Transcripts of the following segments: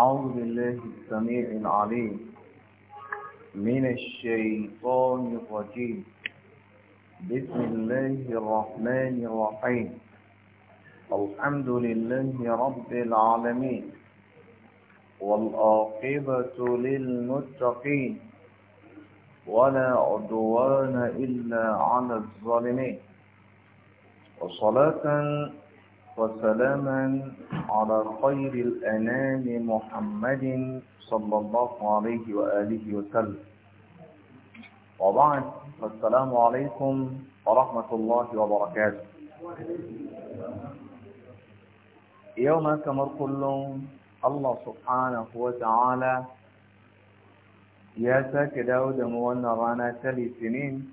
أعوذ بالله السميع العليم من الشيطان الرجيم بسم الله الرحمن الرحيم الحمد لله رب العالمين والآقبة للمتقين ولا عدوان إلا على الظالمين وصلاة وسلاما على خير الأنام محمد صلى الله عليه وآله وسلم وبعد السلام عليكم ورحمة الله وبركاته يوم كمر كلهم الله سبحانه وتعالى ya sake dawo رانا mu wannan rana ta litinin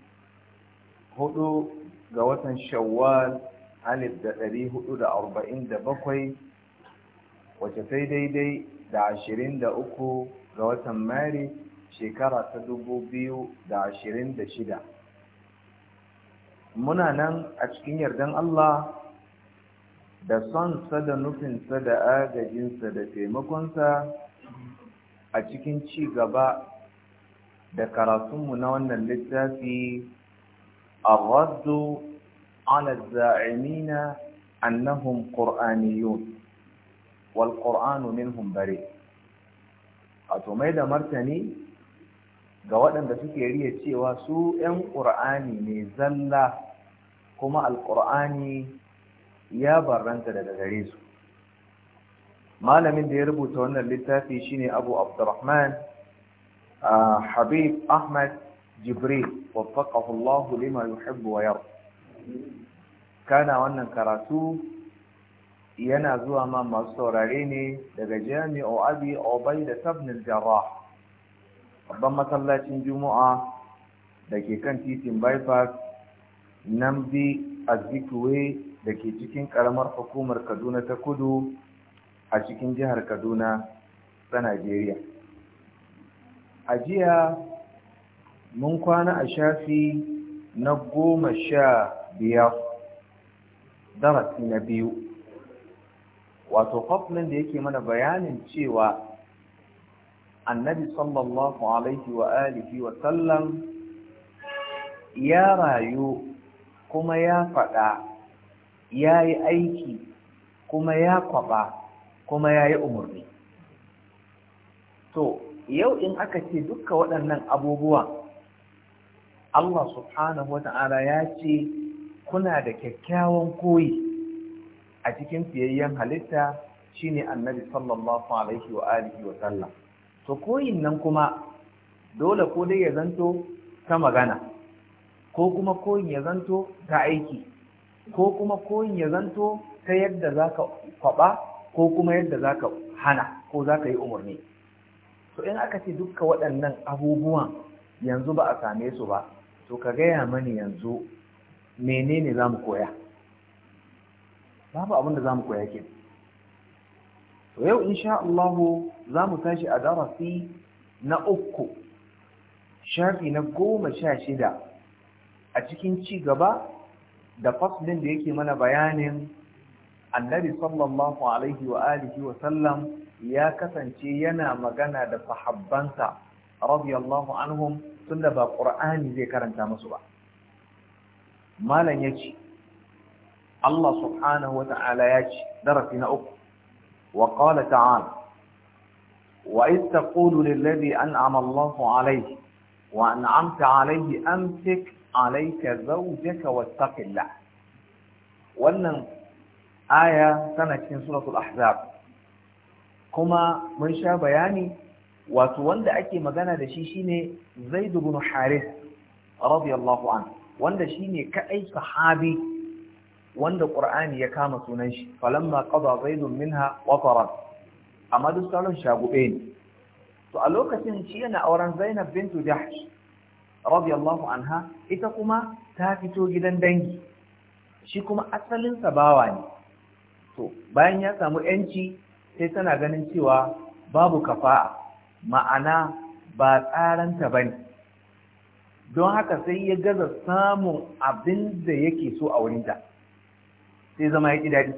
alif da ɗari hudu da arba'in da bakwai wace sai daidai da ashirin da uku ga watan mari shekara ta dubu biyu da ashirin da shida muna nan a cikin yardan Allah da sonsa da nufinsa da agajinsa da taimakonsa a cikin ci gaba da karatunmu na wannan littafi a على الزاعمين أنهم قرآنيون والقرآن منهم بريء أتميد مرتني ga waɗanda suke riya cewa su 'yan ƙur'ani ne zalla kuma alƙur'ani ya barranta daga gare su malamin da ya rubuta wannan littafi shine abu abdurrahman habib ahmad jibril waffaqahu allah lima yuhibbu wa yarda kana wannan karatu yana zuwa ma masu saurare ne daga jami'o abi obai da tabnil jarrah babban masallacin juma'a da ke kan titin bypass nan bi azikwe da ke cikin karamar hukumar kaduna ta kudu a cikin jihar kaduna ta najeriya a jiya mun kwana a shafi na goma sha biyar darasi na biyu wato faslin da yake mana bayanin cewa annabi sallallahu alaihi wa alihi wa sallam ya rayu kuma ya faɗa ya yi aiki kuma ya kwaɓa kuma ya yi umarni to yau in aka ce duka waɗannan abubuwa Allah subhanahu wa ta'ala ya ce kuna da kyakkyawan koyi a cikin siyayyen halitta shine annabi sallallahu alaihi wa alihi wa sallam to koyin nan kuma dole ko dai ya zanto ta magana ko kuma koyin ya zanto ta aiki ko kuma koyin ya zanto ta yadda zaka kwaba ko kuma yadda zaka hana ko zaka yi umarni to in aka ce dukka waɗannan abubuwan yanzu ba a same su ba to ka gaya mani yanzu menene za mu koya babu abin da za mu koya ke to yau insha Allah za mu tashi a darasi na uku shafi na goma sha shida a cikin ci gaba da faslin da yake mana bayanin annabi sallallahu alaihi wa alihi wa sallam ya kasance yana magana da sahabbansa radiyallahu anhum tunda ba qur'ani zai karanta musu ba malam ya ce Allah subhanahu wa ta'ala ya ce darasi na uku wa qala ta'ala wa iz taqulu lil ladhi an'ama Allahu alayhi wa an'amta alayhi amsik alayka zawjaka wattaqillah wannan aya tana cikin suratul ahzab kuma mun sha bayani wato wanda ake magana da shi shine zaid ibn harith radiyallahu anhu wanda shi ne kaɗai sahabi wanda Qur'ani ya kama sunan shi falamma zai zaidun minha wataran amma duk sauran shagube ne to a lokacin shi yana auren Zainab bintu Jahsh radiyallahu anha ita kuma ta fito gidan dangi shi kuma asalin bawa ne to bayan ya samu yanci sai tana ganin cewa babu kafa'a ma'ana ba tsaranta bane don haka sai ya gaza samun abin da yake so a wurinta sai zama ya ƙi daɗi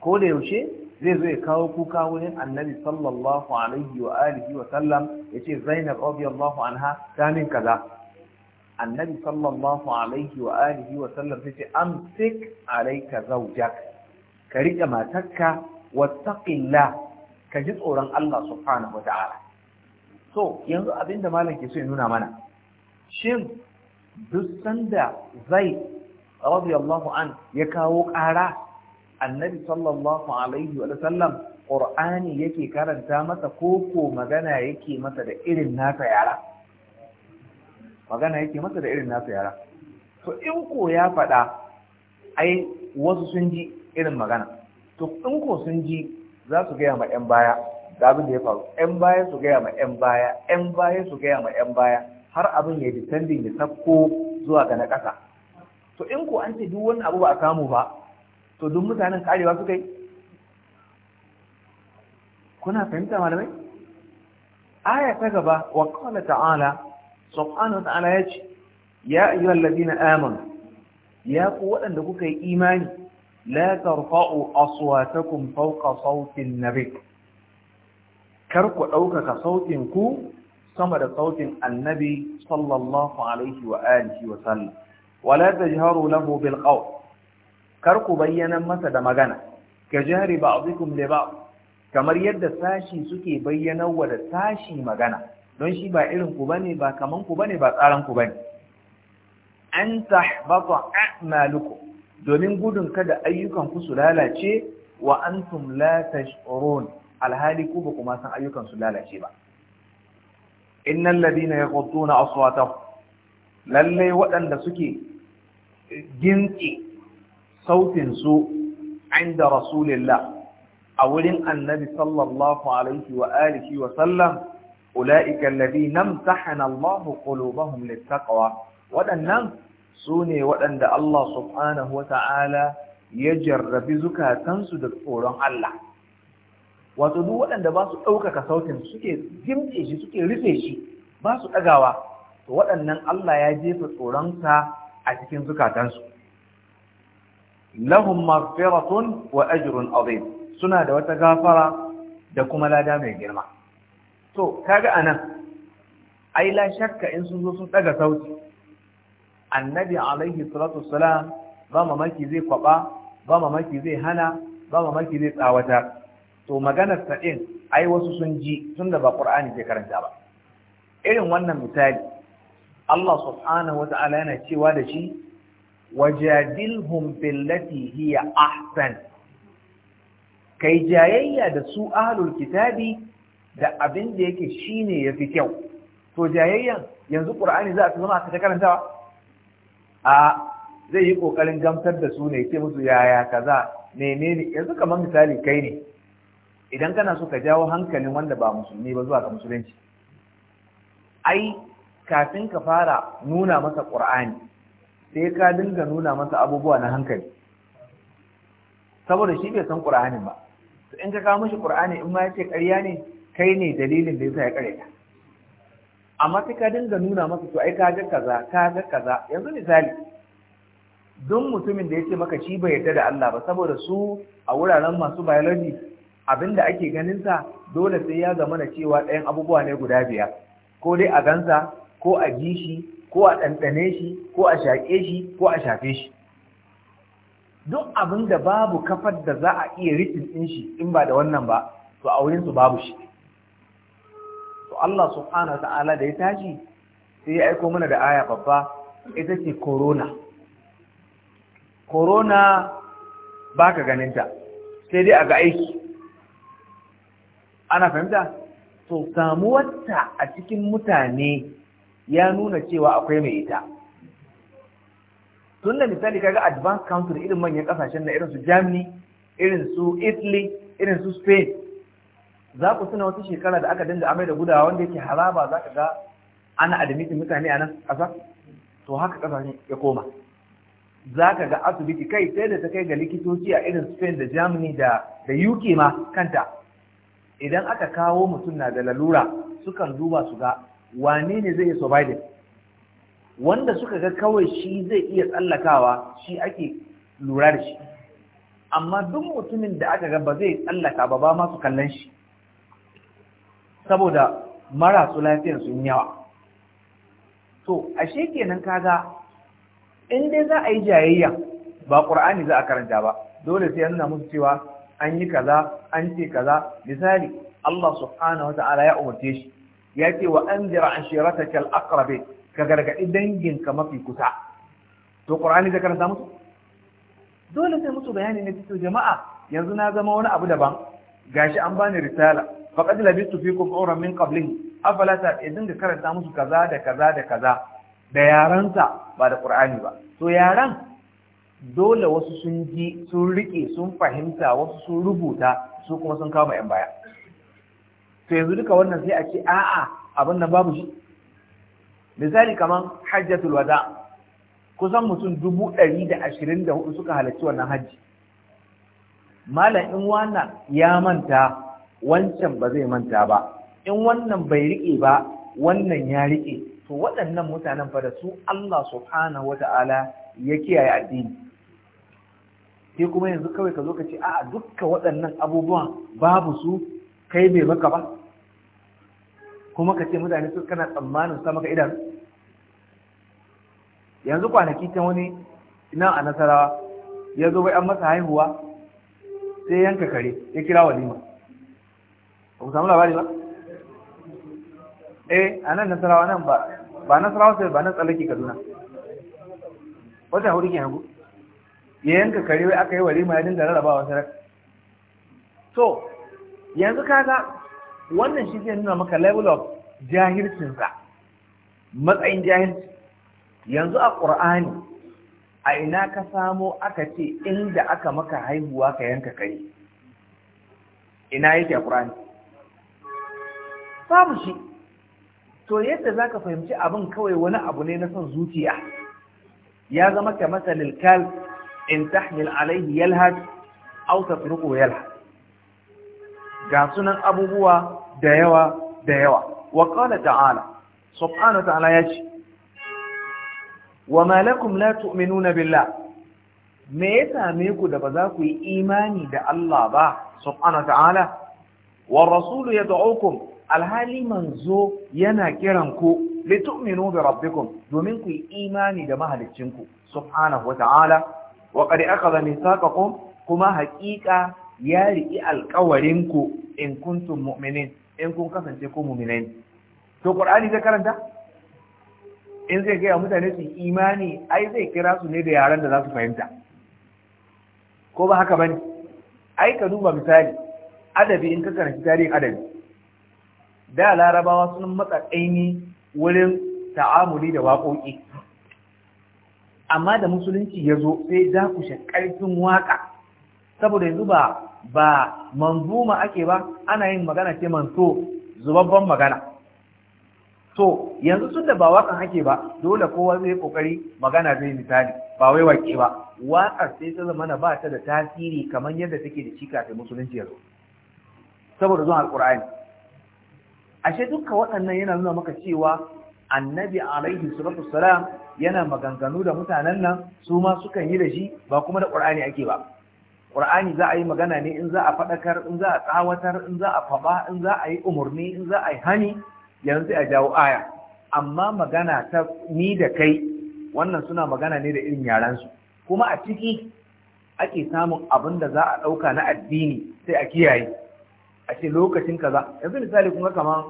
ko da yaushe zai zo ya kawo kuka wurin annabi sallallahu alaihi wa alihi wa sallam ya ce zainab radiyallahu anha ta min kaza annabi sallallahu alaihi wa alihi wa sallam sai ce amsik alayka zawjak ka riƙe matarka wattaqillah ka ji tsoron Allah subhanahu wa ta'ala so yanzu abinda malam ke so ya nuna mana shin duk sanda zai radiyallahu an ya kawo ƙara annabi sallallahu alaihi wa sallam qur'ani yake karanta masa koko magana yake masa da irin nasa yara magana yake masa da irin nasa yara to in ko ya faɗa ai wasu sun ji irin magana to in ko sun ji za su gaya ma 'yan baya ga abin da ya faru 'yan baya su gaya ma 'yan baya 'yan baya su gaya ma 'yan baya har abin ya depending ya sakko zuwa ga na ƙasa to in ko an ce duk wani abu ba a samu ba to duk mutanen karewa suka yi kuna fahimta malamai aya ta gaba wa qala ta'ala subhanahu wa ta'ala yace ya ayyuhal ladina 'Aman, ya ku waɗanda kuka yi imani la tarfa'u aswatakum fawqa sautin nabi kar ku ɗaukaka sautin ku sama da sautin annabi sallallahu alaihi wa alihi wa sallam wala tajharu lahu bil qawl kar ku bayyana masa da magana ka jahri ba'dikum li ba'd kamar yadda sashi suke bayyana wa da sashi magana don shi ba irin ku bane ba kaman ku bane ba tsaran ku bane an tahbata a'malukum domin gudun kada ayyukan ku su lalace wa antum la tash'urun alhali ku ba kuma san ayyukan su lalace ba innal ladina yaghudduna aswatahum lalle waɗanda suke gintsi sautin su inda rasulillah a wurin annabi sallallahu alaihi wa alihi wa sallam ulaika alladhina amtahana Allah qulubahum littaqwa waɗannan su ne waɗanda Allah subhanahu wa ta'ala ya jarrabi zukatansu da tsoron Allah wato duk waɗanda ba su ɗaukaka sautin suke jimce shi suke rufe shi ba su ɗagawa to waɗannan Allah ya jefa tsoronsa a cikin zukatansu lahum maghfiratun wa ajrun azim suna da wata gafara da kuma lada mai girma to kaga anan ai la shakka in sun zo sun ɗaga sauti annabi alaihi salatu wassalam ba mamaki zai kwaba ba mamaki zai hana ba mamaki zai tsawatar to maganar sa ɗin ai wasu sun ji da ba ƙur'ani ke karanta ba irin wannan misali Allah subhanahu Ta'ala yana cewa da shi wajadilhum billati hiya ahsan kai jayayya da su ahlul kitabi da abin da yake shine yafi kyau to jayayyan yanzu ƙur'ani za a zama ta karantawa a zai yi ƙoƙarin gamsar da su ne ce musu yaya kaza menene yanzu kamar misali kai ne idan kana so ka jawo hankalin wanda ba musulmi ba zuwa ga musulunci ai kafin ka fara nuna masa ƙur'ani sai ka dinga nuna masa abubuwa na hankali saboda shi bai san ƙur'anin ba in ka kawo mashi ƙur'ani in ma ya ce ƙarya ne kai ne dalilin da yasa ya ƙarya amma sai ka dinga nuna masa to ai ka ga kaza ka ga kaza yanzu misali duk mutumin da ya ce maka shi bai yarda da Allah ba saboda su a wuraren masu biology Abin da ake ganin sa, dole sai ya zama na cewa ɗayan abubuwa ne guda biyar ko dai a gansa ko a ji shi ko a ɗanɗane shi ko a shaƙe shi ko a shafe shi duk abin da babu kafar da za a iya rikin ɗin shi in ba da wannan ba to a wurinsu babu shi to Allah subhanahu wa ta'ala da ya tashi sai ya aiko mana da aya babba ita ce corona corona baka ganinta sai dai a ga aiki ana fahimta to samuwarta a cikin mutane ya nuna cewa akwai mai ita tun da misali kaga advanced country irin manyan kasashen na irin su germany irin su italy irin su spain za ku suna wata shekara da aka dinga amai da gudawa wanda yake haraba za ka ga ana admitin mutane a nan ƙasa to haka kasashen ya koma za ka ga asibiti kai sai da ta kai ga likitoci a irin spain da germany da uk ma kanta idan aka kawo mutum na da lalura sukan duba su ga wane ne zai survive wanda suka ga kawai shi zai iya tsallakawa shi ake lura da shi amma duk mutumin da aka ga ba zai tsallaka ba ba masu kallon shi saboda marasu lafiyar sun yawa to ashe kenan kaga in dai za a yi jayayya ba ƙur'ani za a karanta ba dole sai nuna musu cewa an yi kaza an ce kaza misali Allah subhanahu wata'ala ya umarce shi ya ce wa anzira ashirataka al-aqrabi ka gargadi danginka mafi kusa to qur'ani da karanta musu dole sai musu bayani ne fito jama'a yanzu na zama wani abu daban gashi an bani risala faqad labistu fikum umran min qablihi afala ta eh, dinga karanta musu kaza da kaza da kaza da yaransa ba da ƙur'ani ba to yaran dole wasu sun ji sun riƙe, sun fahimta wasu sun rubuta su kuma sun kama yan baya to yanzu duka wannan sai a ce a'a abin nan babu shi misali kamar hajjatul wada kusan mutum dubu ɗari da ashirin da hudu suka halarci wannan hajji malam in wannan ya manta wancan ba zai manta ba in wannan bai riƙe ba wannan ya riƙe to waɗannan mutanen fa da su Allah subhanahu Ta'ala ya kiyaye addini sai kuma yanzu kawai ka zo ka ce a'a dukka waɗannan abubuwan babu su kai bai maka ba kuma ka ce mutane su kana tsammanin sa maka idanu yanzu kwanaki ta wani nan a nasarawa ya zo bai an masa haihuwa sai yanka kare ya kira walima ba ku samu labari ba eh a nan nasarawa nan ba ba nasarawa sai ba na tsallake kaduna wata hudu ke hagu? ya yanka kare wai aka yi walima ya dinga rarrabawa sadaka to yanzu kaga wannan shi zai nuna maka level of jahilcinsa matsayin jahilci yanzu a ƙur'ani a ina ka samo aka ce inda aka maka haihuwa ka yanka kare ina yake a ƙur'ani babu shi to yadda za ka fahimci abin kawai wani abu ne na son zuciya ya zama kamar matsalil in tahmil alaihi yalhad aw tatruku yalhad ga sunan abubuwa da yawa da yawa wa qala ta'ala subhanahu ta'ala yace wa ma lakum la tu'minuna billah me ya same ku da ba za ku yi imani da Allah ba subhanahu ta'ala wa rasulu yad'ukum alhali manzo yana kiran ku litu'minu bi rabbikum domin ku yi imani da mahalicinku subhanahu wa ta'ala wa qad akhadha mithaqakum kuma haqiqa ya riki alƙawarin ku in kuntum mu'minin in kun kasance ku muminin. to qur'ani zai karanta in zai gaya mutane su imani ai zai kira su ne da yaran da za su fahimta ko ba haka bane ai ka duba misali adabi in ka karanci tarihin adabi da larabawa sun matsa wurin ta'amuli da waƙoƙi amma da musulunci ya zo sai za ku dakushe ƙarfin waƙa. saboda yanzu ba ba manzuma ake ba ana yin magana ce manso zubabban magana to yanzu tun da ba waƙan ake ba dole kowa zai kokari magana zai misali ba wai wake ba waƙar sai ta zama ba ta da tasiri kamar yadda take da cika kafin musulunci ya zo saboda zuwa alkur'ani ashe dukkan waɗannan yana nuna maka cewa annabi alaihi salatu wasalam yana maganganu da mutanen nan su ma sukan yi da shi ba kuma da ƙur'ani ake ba ƙur'ani za a yi magana ne in za a faɗakar in za a tsawatar in za a faɓa in za a yi umarni in za a yi hani yanzu a jawo aya amma magana ta ni da kai wannan suna magana ne da irin yarensu kuma a ciki ake samun abin da za a ɗauka na addini sai a kiyaye a ce lokacin kaza yanzu misali ga kamar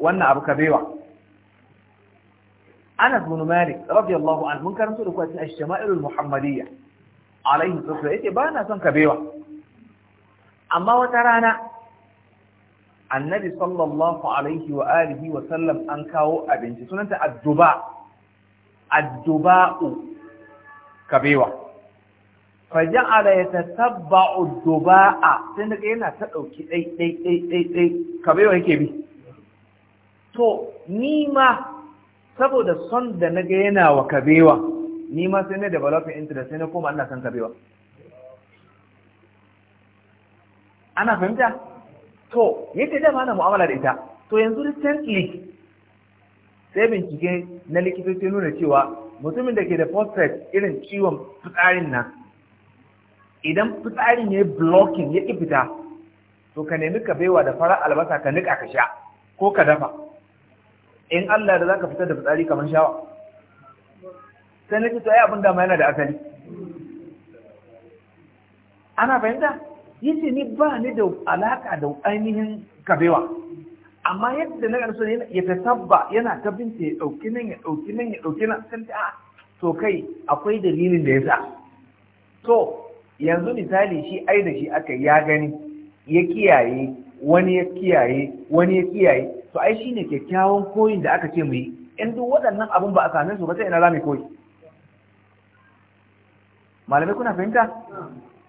wannan abu kabewa Anas bin Malik radiyallahu anhu mun karanto da ku a cikin Ash-Shama'ilul Muhammadiyya alaihi salatu yace ba na son kabewa amma wata rana annabi sallallahu alaihi wa alihi wa sallam an kawo abinci sunanta adduba adduba'u kabewa faja'ala yatatabba'u adduba'a sai daga yana ta dauki dai dai dai dai kabewa yake bi to ni ma saboda son da na ga yana wa kabewa ni ma sai na developing interest sai na koma ina son kabewa ana fahimta to yadda dama na mu'amala da ita to yanzu recently sai bincike na likitoci nuna cewa mutumin da ke da prostate irin ciwon fitsarin nan idan fitsarin ya yi blocking ya ƙi fita to ka nemi kabewa da farar albasa ka niƙa ka sha ko ka dafa in Allah da zaka fitar da fitsari kamar shawa sai na ce to ai abin dama yana da asali ana fahimta ce ni ba ni da alaka da ainihin kabewa amma yadda na garsu ne ta tabba, yana ta binta ya nan ya dauki nan ya dauki nan sai ta to kai akwai dalilin da ya sa. to yanzu misali shi ai da shi aka ya gani ya kiyaye wani ya kiyaye wani ya kiyaye to ai shine kyakkyawan koyin da aka ce mu yi in duk waɗannan abin ba a same su ba sai ina za mu koyi malamai kuna fahimta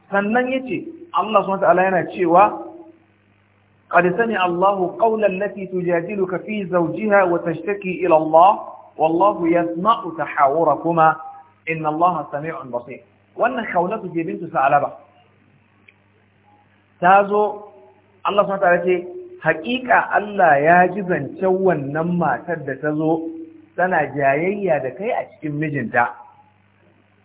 sannan yace Allah subhanahu wataala yana cewa qad sami Allahu qawlan lati tujadiluka fi zawjiha wa tashtaki ila Allah wallahu yasma'u tahawurakuma inna Allah sami'un basir wannan kaunatu ke bintu sa'alaba ta zo Allah subhanahu wataala ce haƙiƙa Allah ya ji zancen wannan matar da ta zo tana jayayya da kai a cikin mijinta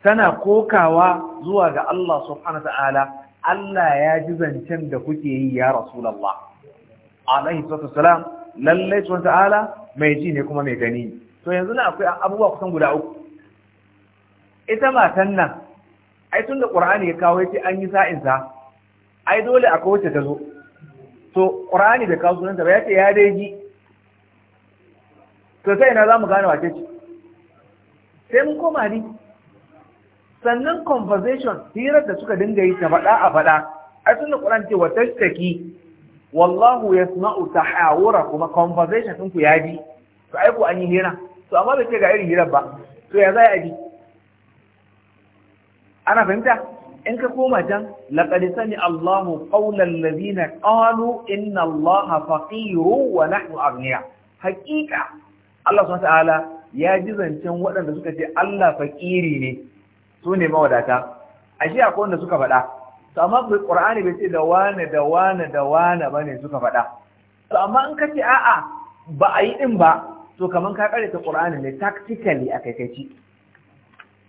tana kokawa zuwa ga Allah subhanahu ta'ala Allah ya ji zancen da kuke yi ya Rasulullah alaihi salatu wasalam lalle subhanahu ta'ala mai ji ne kuma mai gani to yanzu na akwai abubuwa kusan guda uku ita matan nan ai tun da Qur'ani ya kawo yace an yi sa'in ai dole akwai wacce ta zo to qur'ani da kawo ba ya ce ya dai ji to sai na zamu gane wace ce sai mun koma ni sannan conversation hirar da suka dinga yi ta faɗa a faɗa a sunna qur'ani ce wata tashtaki wallahu yasma'u hawura kuma conversation ɗinku ya ji to ai an yi hira to amma bai ce ga irin hirar ba to ya za a ji ana fahimta in ka koma can laqad sami Allahu qawla alladhina qalu inna Allaha faqirun wa nahnu aghniya Haƙiƙa! Allah subhanahu ta'ala ya ji zancen waɗanda suka ce Allah fakiri ne su ne mawadata ashe akwai wanda suka faɗa to amma ƙur'ani bai ce da wane da wane da wane suka faɗa to amma in ka ce a'a ba a yi ɗin ba to kamar ka karanta Ƙur'ani ne tactically a kai kai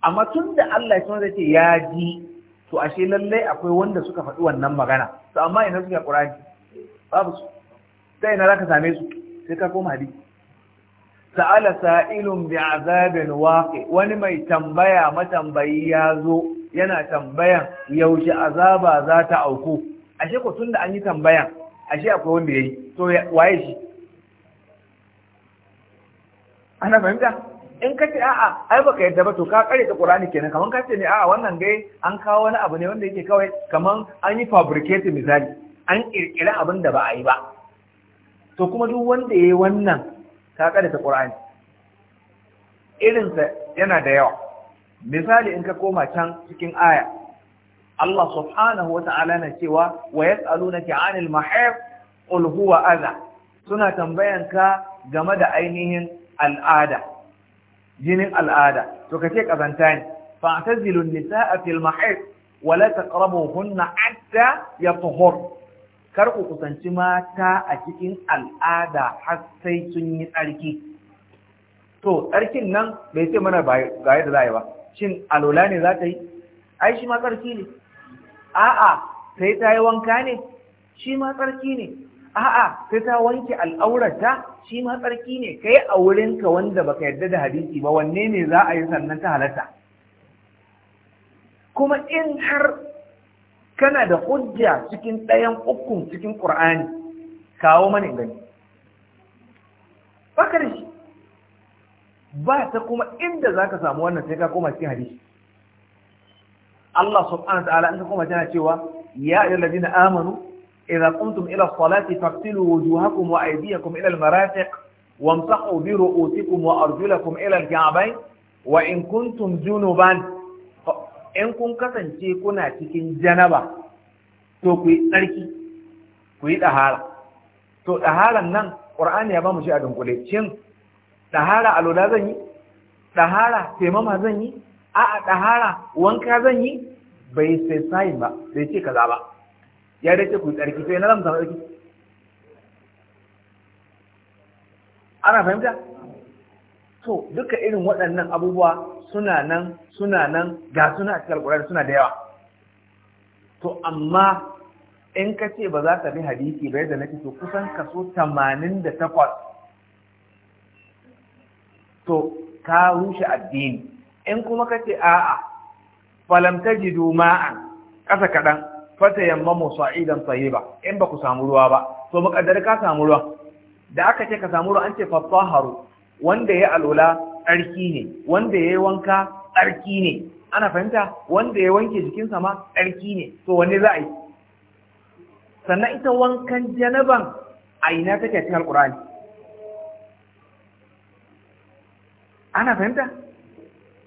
amma tun da Allah ya ce ya ji to ashe lallai akwai wanda suka faɗi wannan magana to amma ina suke Qur'ani babu su sai ina zaka same su sai ka koma hadisi sa'ala sa'ilun bi'azabin waqi wani mai tambaya matambayi ya zo yana tambayan yaushe azaba za ta auku ashe ko tunda an yi tambayan ashe akwai wanda yayi to waye shi ana fahimta in ka ce a'a ai baka yadda ba to ka kare ta Qur'ani kenan kaman ka ce ne a'a wannan gai an kawo wani abu ne wanda yake kawai kaman an yi fabricate misali an kirkira abin da ba a yi ba to kuma duk wanda ya yi wannan ka kare ta Qur'ani irin sa yana da yawa misali in ka koma can cikin aya Allah subhanahu wata'ala na cewa wa yas'alunaka 'anil mahir qul huwa adha suna ka game da ainihin al'ada jinin al'ada to kace ƙazanta ne fa tazilun nisaa fil mahid wa la taqrabuhunna ya yatahhur kar ku kusanci mata a cikin al'ada har sai sun yi tsarki to tsarkin nan bai ce mana ga yadda za a yi ba shin alola ne za ta yi ai shi ma tsarki ne a'a sai ta yi wanka ne shi ma tsarki ne a'a sai ta wanke al'aurata shi ma tsarki ne kai a wurinka wanda baka yarda da hadisi ba wanne ne za a yi sannan ta halatta kuma in har kana da hujja cikin ɗayan ukun cikin ƙur'ani kawo mana gani Ba da shi ba ta kuma inda za ka samu wannan sai ka koma cikin hadisi Allah subhanahu wa ta'ala in ka koma tana cewa ya ayyuhallazina amanu إذا قمتم إلى الصلاة فاغسلوا وجوهكم وأيديكم إلى المرافق وامسحوا برؤوسكم وأرجلكم إلى الكعبين وإن كنتم جنبا إن كن كسن كنا تكن جنبا تو كوي تركي كوي تهالا تو تهالا نن قرآن يا بامو شيء أدن كولي شن تهالا ألولا زني تهالا تيمما زني أأ تهالا وانكا زني بيسي سايبا بيسي كذابا ya dace ku tsarki sai na zama tsarki ana fahimta to duka irin waɗannan abubuwa suna nan suna nan ga suna a cikin alƙur'ani suna da yawa to amma in ka ce ba za ka bi hadisi ba yadda nake to kusan kaso 88 to ka rushe addini in kuma ka ce a'a falamta jidu ma'an ƙasa kaɗan fata mu sa'idan tayyiba in ba ku samu ruwa ba to muƙaddar ka samu ruwa da aka ce ka samu ruwa an ce fasaharu wanda ya alula tsarki ne wanda ya wanka tsarki ne ana fahimta wanda ya wanke jikinsa ma tsarki ne to wanne za a yi sannan ita wankan janaban a ina take cikin alƙur'ani ana fahimta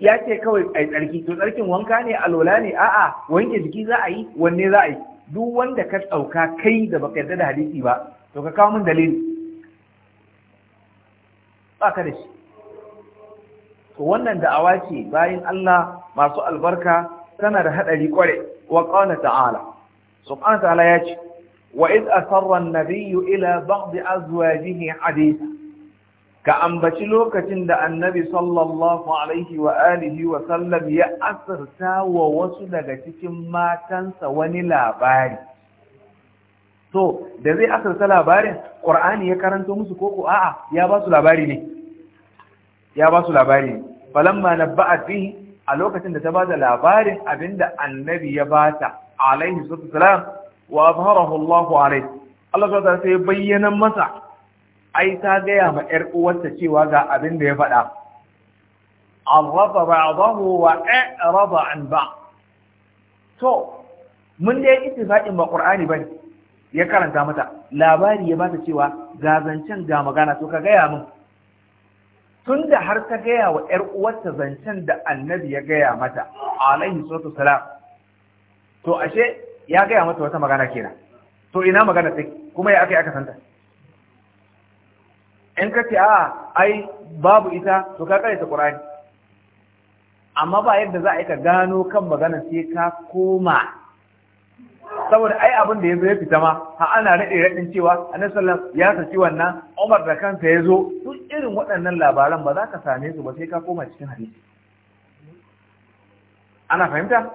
ya ce kawai a tsarki to tsarkin wanka ne alola ne a'a wanke jiki za a yi wanne za a yi duk wanda ka ɗauka kai da baka yarda da hadisi ba to ka kawo min dalili ba ka da shi to wannan da'awa ce bayan Allah masu albarka tana da hadari kware wa qala ta'ala subhanahu ta'ala ya ce wa id asarra an-nabiyyu ila ba'd azwajihi hadithan ka ambaci lokacin da annabi sallallahu alaihi wa alihi wa sallam ya asirta wa wasu daga cikin matansa wani labari So da zai asirta labarin ƙur'ani ya karanto musu koko a'a ya ba su labari ne ya ba su labari ne falamma nabba'at bihi a lokacin da ta ba da labarin abinda annabi ya bata alaihi sallallahu wa azharahu Allah alaihi Allah sai bayyana masa ai ta gaya ma ‘yar uwarta cewa ga abin da ya faɗa. An raba ba'adahu wa ‘yan raba an ba. To, mun dai ita ittifaƙin ba ƙur'ani ba ya karanta mata, labari ya bata cewa ga zancen ga magana to ka gaya min. Tun da har ta gaya wa ‘yar uwarta zancen da annabi ya gaya mata, alaihi salatu salam. To, ashe ya gaya mata wata magana kenan. To, ina magana take, kuma ya aka yi aka santa. in ka ce a ai babu ita to ka kare ta qur'ani amma ba yadda za a yi ka gano kan magana sai ka koma saboda ai abin da ya zo ya fita ma ha ana rade radin cewa annabi sallallahu ya saki wannan Umar da kansa ya zo duk irin waɗannan labaran ba za ka same su ba sai ka koma cikin hadisi ana fahimta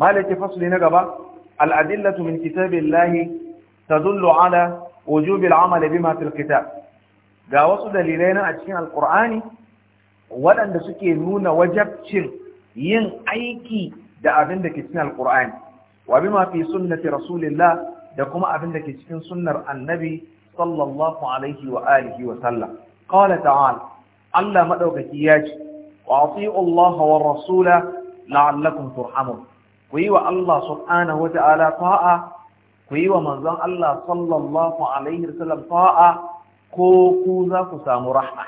malaki fasli na gaba al-adillatu min kitabillahi tadullu ala wujubi al-amali bima fil kitab ga wasu dalilai nan a cikin alkur'ani waɗanda suke nuna wajabcin yin aiki da abin da ke cikin alkur'ani wa bi ma fi sunnati rasulillah da kuma abin da ke cikin sunnar annabi sallallahu alaihi wa alihi wa sallam qala ta'ala Allah madaukaki ya ce wa ati'u Allah wa rasula la'allakum turhamun ku yi wa Allah subhanahu wa ta'ala ta'a ku yi wa manzon Allah sallallahu alaihi wa sallam ta'a ko ku za ku samu rahma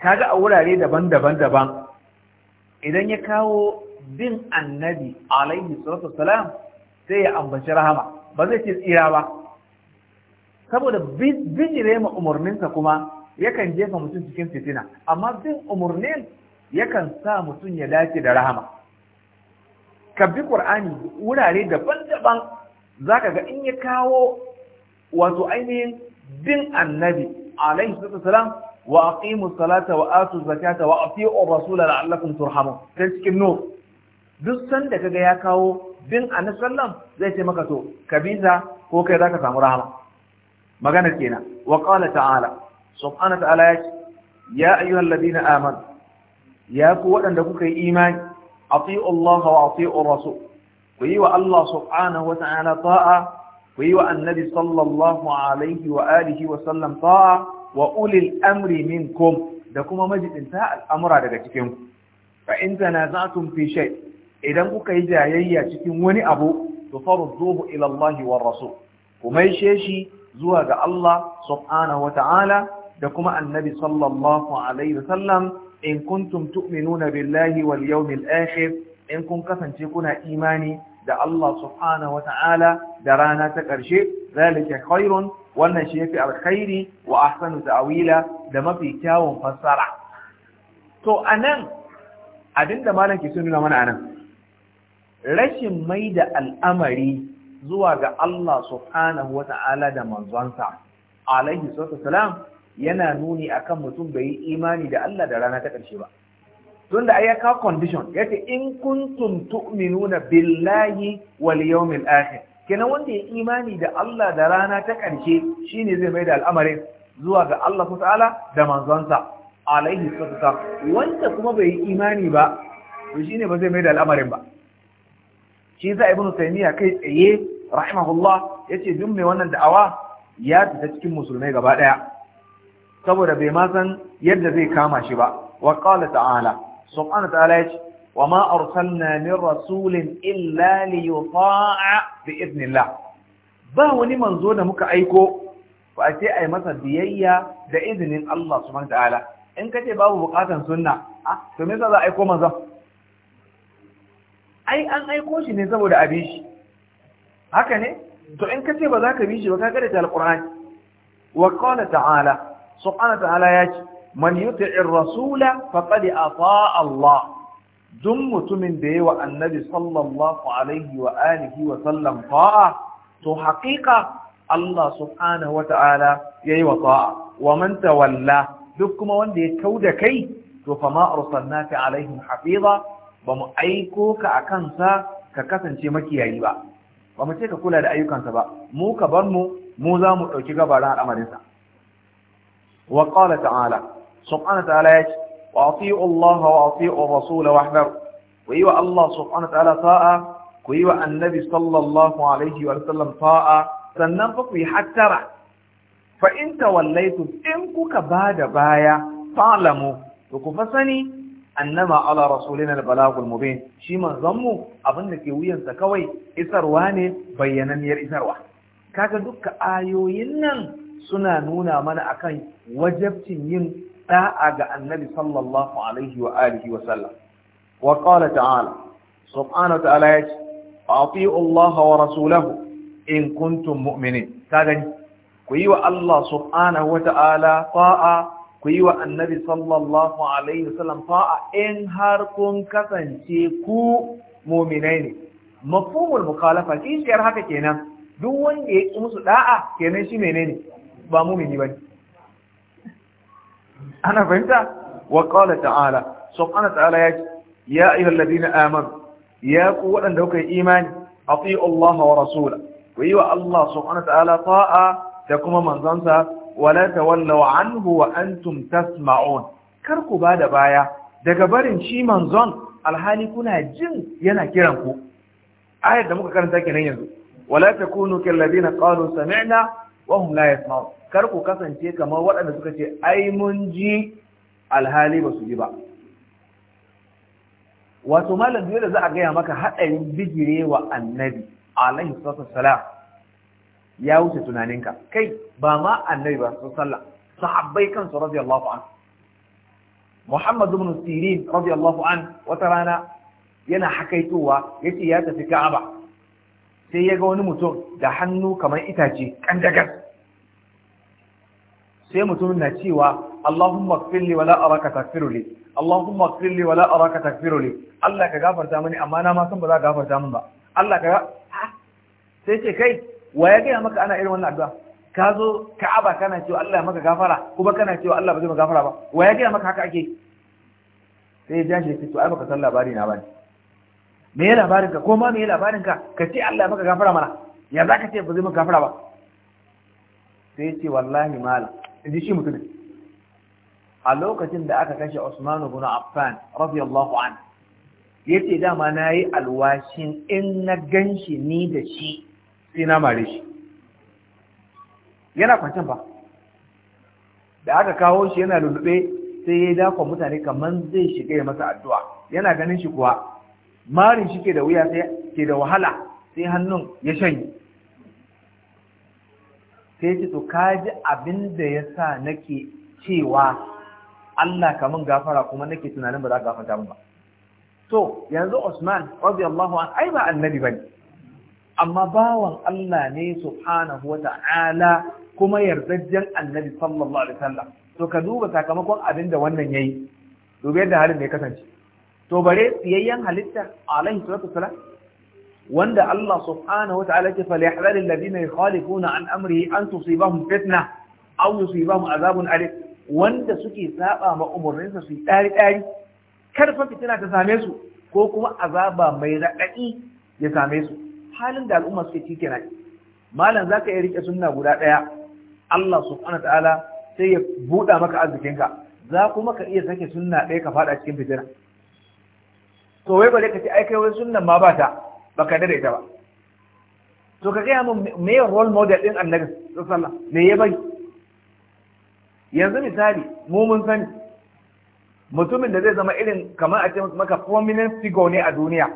kaga a wurare daban-daban daban idan ya kawo bin annabi alaihi salatu salam sai ya ambaci rahama ba zai ci tsira ba saboda bijire ma umarninsa kuma yakan jefa mutum cikin fitina amma bin umarnin yakan sa mutum ya dace da rahama ka bi ƙur'ani wurare daban-daban za ka ga in ya kawo wato ainihin bin annabi alaihi sallam wa aqimu salata wa atu zakata wa ati'u rasula la'allakum turhamun sai cikin nur duk sanda kaga ya kawo bin annabi sallam zai ce maka to kabiza ko kai zaka samu rahama magana kenan wa qala ta'ala subhanahu ta'ala ya ce. ya ayyuhal ladina amanu ya ku waɗanda kuka yi imani ati'u Allah wa ati'u rasul ku yi wa Allah subhanahu wa ta'ala ta'a ku yi wa annabi sallallahu alaihi wa alihi wa sallam ta'a wa ulil amri minkum da kuma majidinta al'amura daga cikin ku fa in tanaza'tum fi shay idan kuka yi jayayya cikin wani abu to farudduhu ila Allah wa rasul kuma yashe shi zuwa ga Allah subhanahu wa ta'ala da kuma annabi sallallahu alaihi wa sallam in kuntum tu'minuna billahi wal yawmil akhir in kun kasance kuna imani da Allah subhanahu wata'ala da rana ta ƙarshe zalika khairun wannan shi yafi alkhairi wa ahsanu ta'wila da mafi kyawun fassara to anan abinda malam ke so nuna mana anan rashin mai da al'amari zuwa ga Allah subhanahu wata'ala da manzonsa alaihi salatu wasalam yana nuni akan mutum bai yi imani da Allah da rana ta ƙarshe ba tun da ya kawo condition ya ce in kuntum tu'minuna billahi wal yawmil akhir kenan wanda ya imani da Allah da rana ta ƙarshe shine zai mai da al'amarin zuwa ga Allah ta'ala da manzonsa alaihi sallata wanda kuma bai yi imani ba to shine ba zai mai da al'amarin ba shi za ibnu taymiya kai tsaye rahimahullah yace duk mai wannan da'awa ya fita cikin musulmai gaba daya saboda bai ma san yadda zai kama shi ba wa qala ta'ala subhanahu ta'ala yace wa ma arsalna min rasulin illa li yuta'a bi idnillah ba wani manzo da muka aiko ba sai ai masa biyayya da izinin Allah subhanahu ta'ala in ka ce babu bukatan sunna ah to me za a aiko manzo ai an aiko shi ne saboda abi shi haka ne to in ka ce ba za ka bi shi ba ka ga da alqur'ani wa qala ta'ala subhanahu ta'ala yace man yuti'ir rasula faqad ata Allah Dun mutumin da wa annabi sallallahu alaihi wa alihi wa sallam ta'a to haƙiƙa Allah subhanahu wa ta'ala yayi wa ta'a wa man tawalla duk kuma wanda ya kauda kai to fa ma arsalnaka alaihim hafiza ba mu aiko ka akan sa ka kasance makiyayi ba ba mu ce ka kula da ayyukansa ba mu ka bar mu mu za mu ɗauki gabaran al'amarinsa wa qala ta'ala سبحانه وتعالى ايش؟ واطيعوا الله واطيعوا الرسول واحذروا ويوا الله سبحانه وتعالى طاعة ويوا النبي صلى الله عليه وسلم طاعة سننفق في حتى فإن توليتم إنكك بعد بايا فاعلموا وكفصني أنما على رسولنا البلاغ المبين شيما ظموا أظنك يويا سكوي إسر واني بينا نير إسر واحد كاكا دوك آيو سنانونا من أكاين وجبت da'a ga annabi sallallahu alaihi wa alihi wa sallam wa qala ta'ala subhanahu wa ta'ala yace ati'u Allah wa rasulahu in kuntum mu'minin kaga ku yi wa Allah subhanahu wa ta'ala fa'a, ku yi wa annabi sallallahu alaihi wa sallam fa'a, in har kun kasance ku mu'minai ne mafhumul mukhalafa kishiyar haka kenan duk wanda ya ƙi musu da'a kenan shi menene ba mumini bane ana fahimta wa qala ta'ala subhanahu ta'ala ya ya ayyuhal ladina amanu ya ku waɗanda kuka yi imani ati'u Allah wa rasula ku yi wa Allah subhanahu ta'ala ta'a da kuma manzansa wala tawallaw anhu wa antum tasma'un kar ku bada baya daga barin shi manzon alhali kuna jin yana kiran ku ayar da muka karanta kenan yanzu wala takunu kal ladina qalu sami'na wa hum la yasma'un kar ku kasance kamar waɗanda suka ce ai mun ji alhali ba su ji ba wato malam da za a gaya maka haɗarin bijire wa annabi alaihi sallam ya wuce tunaninka kai ba ma annabi ba su sallah sahabbai kansu radiyallahu an Muhammad ibn Sirin radiyallahu an wata rana yana hakaitowa ce ya tafi Ka'aba sai ya ga wani mutum da hannu kamar itace kandagar sai mutumin na cewa Allahumma ighfirli wala araka taghfiru Allahumma ighfirli wala araka taghfiru Allah ka gafarta mini amma na ma san ba za ka gafarta min ba Allah ka ah. sai ce kai wa ya gaya maka ana irin wannan addu'a ka zo Ka'aba kana cewa Allah ya maka gafara kuma kana cewa Allah ba zai maka gafara ba wa ya gaya maka haka ake sai ya jashi ce to ai baka san labari na bane me ya labarin ka ko ma me ya labarin ka ka ce Allah ya maka gafara mana ya za ka ce ba zai maka gafara ba sai ya ce wallahi malam in ji shi mutumin a lokacin da aka kashe Usman ibn Affan radiyallahu an yace dama nayi alwashin in na ganshi ni da shi sai na mare shi yana kwancin ba da aka kawo shi yana lulube sai ya dakon mutane kaman zai shiga ya masa addu'a yana ganin shi kuwa marin shi ke da wuya sai ke da wahala sai hannun ya shanye sai ce to kaji abin da ya sa nake cewa Allah ka mun gafara kuma nake tunanin ba za ka gafarta mun ba to yanzu Usman radiyallahu an ai ba annabi bane amma bawan Allah ne subhanahu wata'ala kuma yardajjen annabi sallallahu alaihi wasallam to ka duba sakamakon abin da wannan yayi dubi yadda halin da ya kasance to bare tsiyayyen halitta alaihi salatu wasallam wanda Allah subhanahu wa ta'ala ke falyahdhar alladhina yukhalifuna an amrihi an tusibahum fitna aw yusibahum azabun alim wanda suke saba ma umarninsa su dari dari karfa fitina ta same su ko kuma azaba mai raɗaɗi ya same su halin da al'umma suke ciki kenan malam zaka iya rike sunna guda ɗaya. Allah subhanahu wa ta'ala sai ya buɗa maka arzikinka za kuma ka iya sake sunna ɗaya ka fada cikin fitina to wai bare ka ce ai kai wai sunnan ma ba ta baka da ita ba to ka gaya min me ya role model din annabi sallallahu me ya bai yanzu misali mu mun sani mutumin da zai zama irin kamar a ce maka prominent figure ne a duniya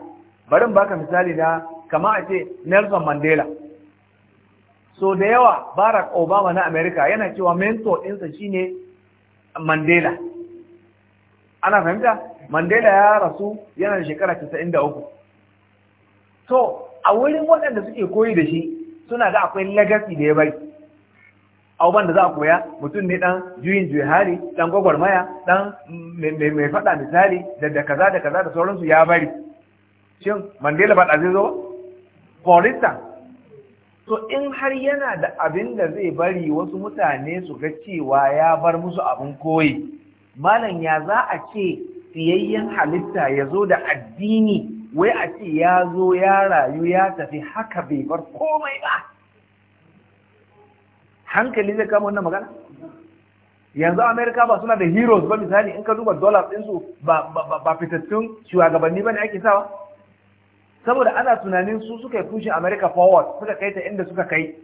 barin baka misali da kamar a ce Nelson Mandela so da yawa Barack Obama na America yana cewa mentor ɗinsa shine Mandela ana fahimta Mandela ya rasu yana da shekara 93 to a wurin waɗanda suke koyi da shi suna ga akwai legacy da ya bari abubuwan da za a koya mutum ne ɗan juyin juyi hari dan gwagwarmaya dan mai faɗa misali da da kaza da kaza da sauransu ya bari shin mandela ba ɗazi zo Forista! to in har yana da abin da zai bari wasu mutane su ga cewa ya bar musu abin koyi malam ya za a ce siyayyen halitta ya zo da addini wai a ce ya zo ya rayu ya tafi haka bai bar komai ba hankali zai kama wannan magana yanzu amerika ba suna da heroes ba misali in ka duba dollars su, ba fitattun shugabanni ba ne ake sawa saboda ana tunanin su suka yi pushin america forward suka kai ta inda suka kai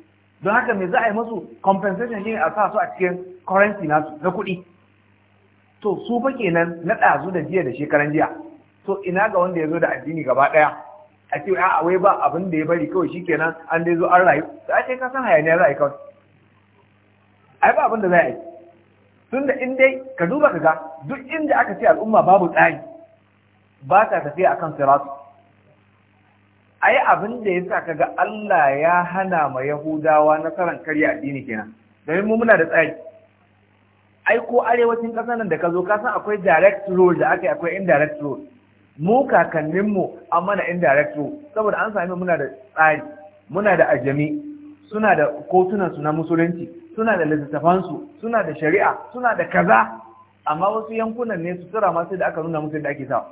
don haka mai za a yi masu compensation shi a sa su a cikin currency na kuɗi to su fa kenan na ɗazu da jiya da shekaran jiya to ina ga wanda ya zo da addini gaba ɗaya a ce a wai ba abin da ya bari kawai shi kenan an dai zo an rayu sai ce ka san hayaniyar rayu kawai ai ba abin da za a yi tun da in dai ka duba ka ga duk inda aka ce al'umma babu tsari ba ta tafiya akan siratu ai abin da ya sa ka ga Allah ya hana ma Yahudawa nasarar karya addini kenan domin mu muna da tsari ai ko arewacin ƙasar nan da ka zo ka san akwai direct road da aka akwai indirect road mu kakanninmu an mana indirecto saboda an sami muna da tsari muna da ajami suna da kotunansu na musulunci suna da littattafansu suna da shari'a suna da kaza amma wasu yankunan ne su tura masu da aka nuna musu da ake sawa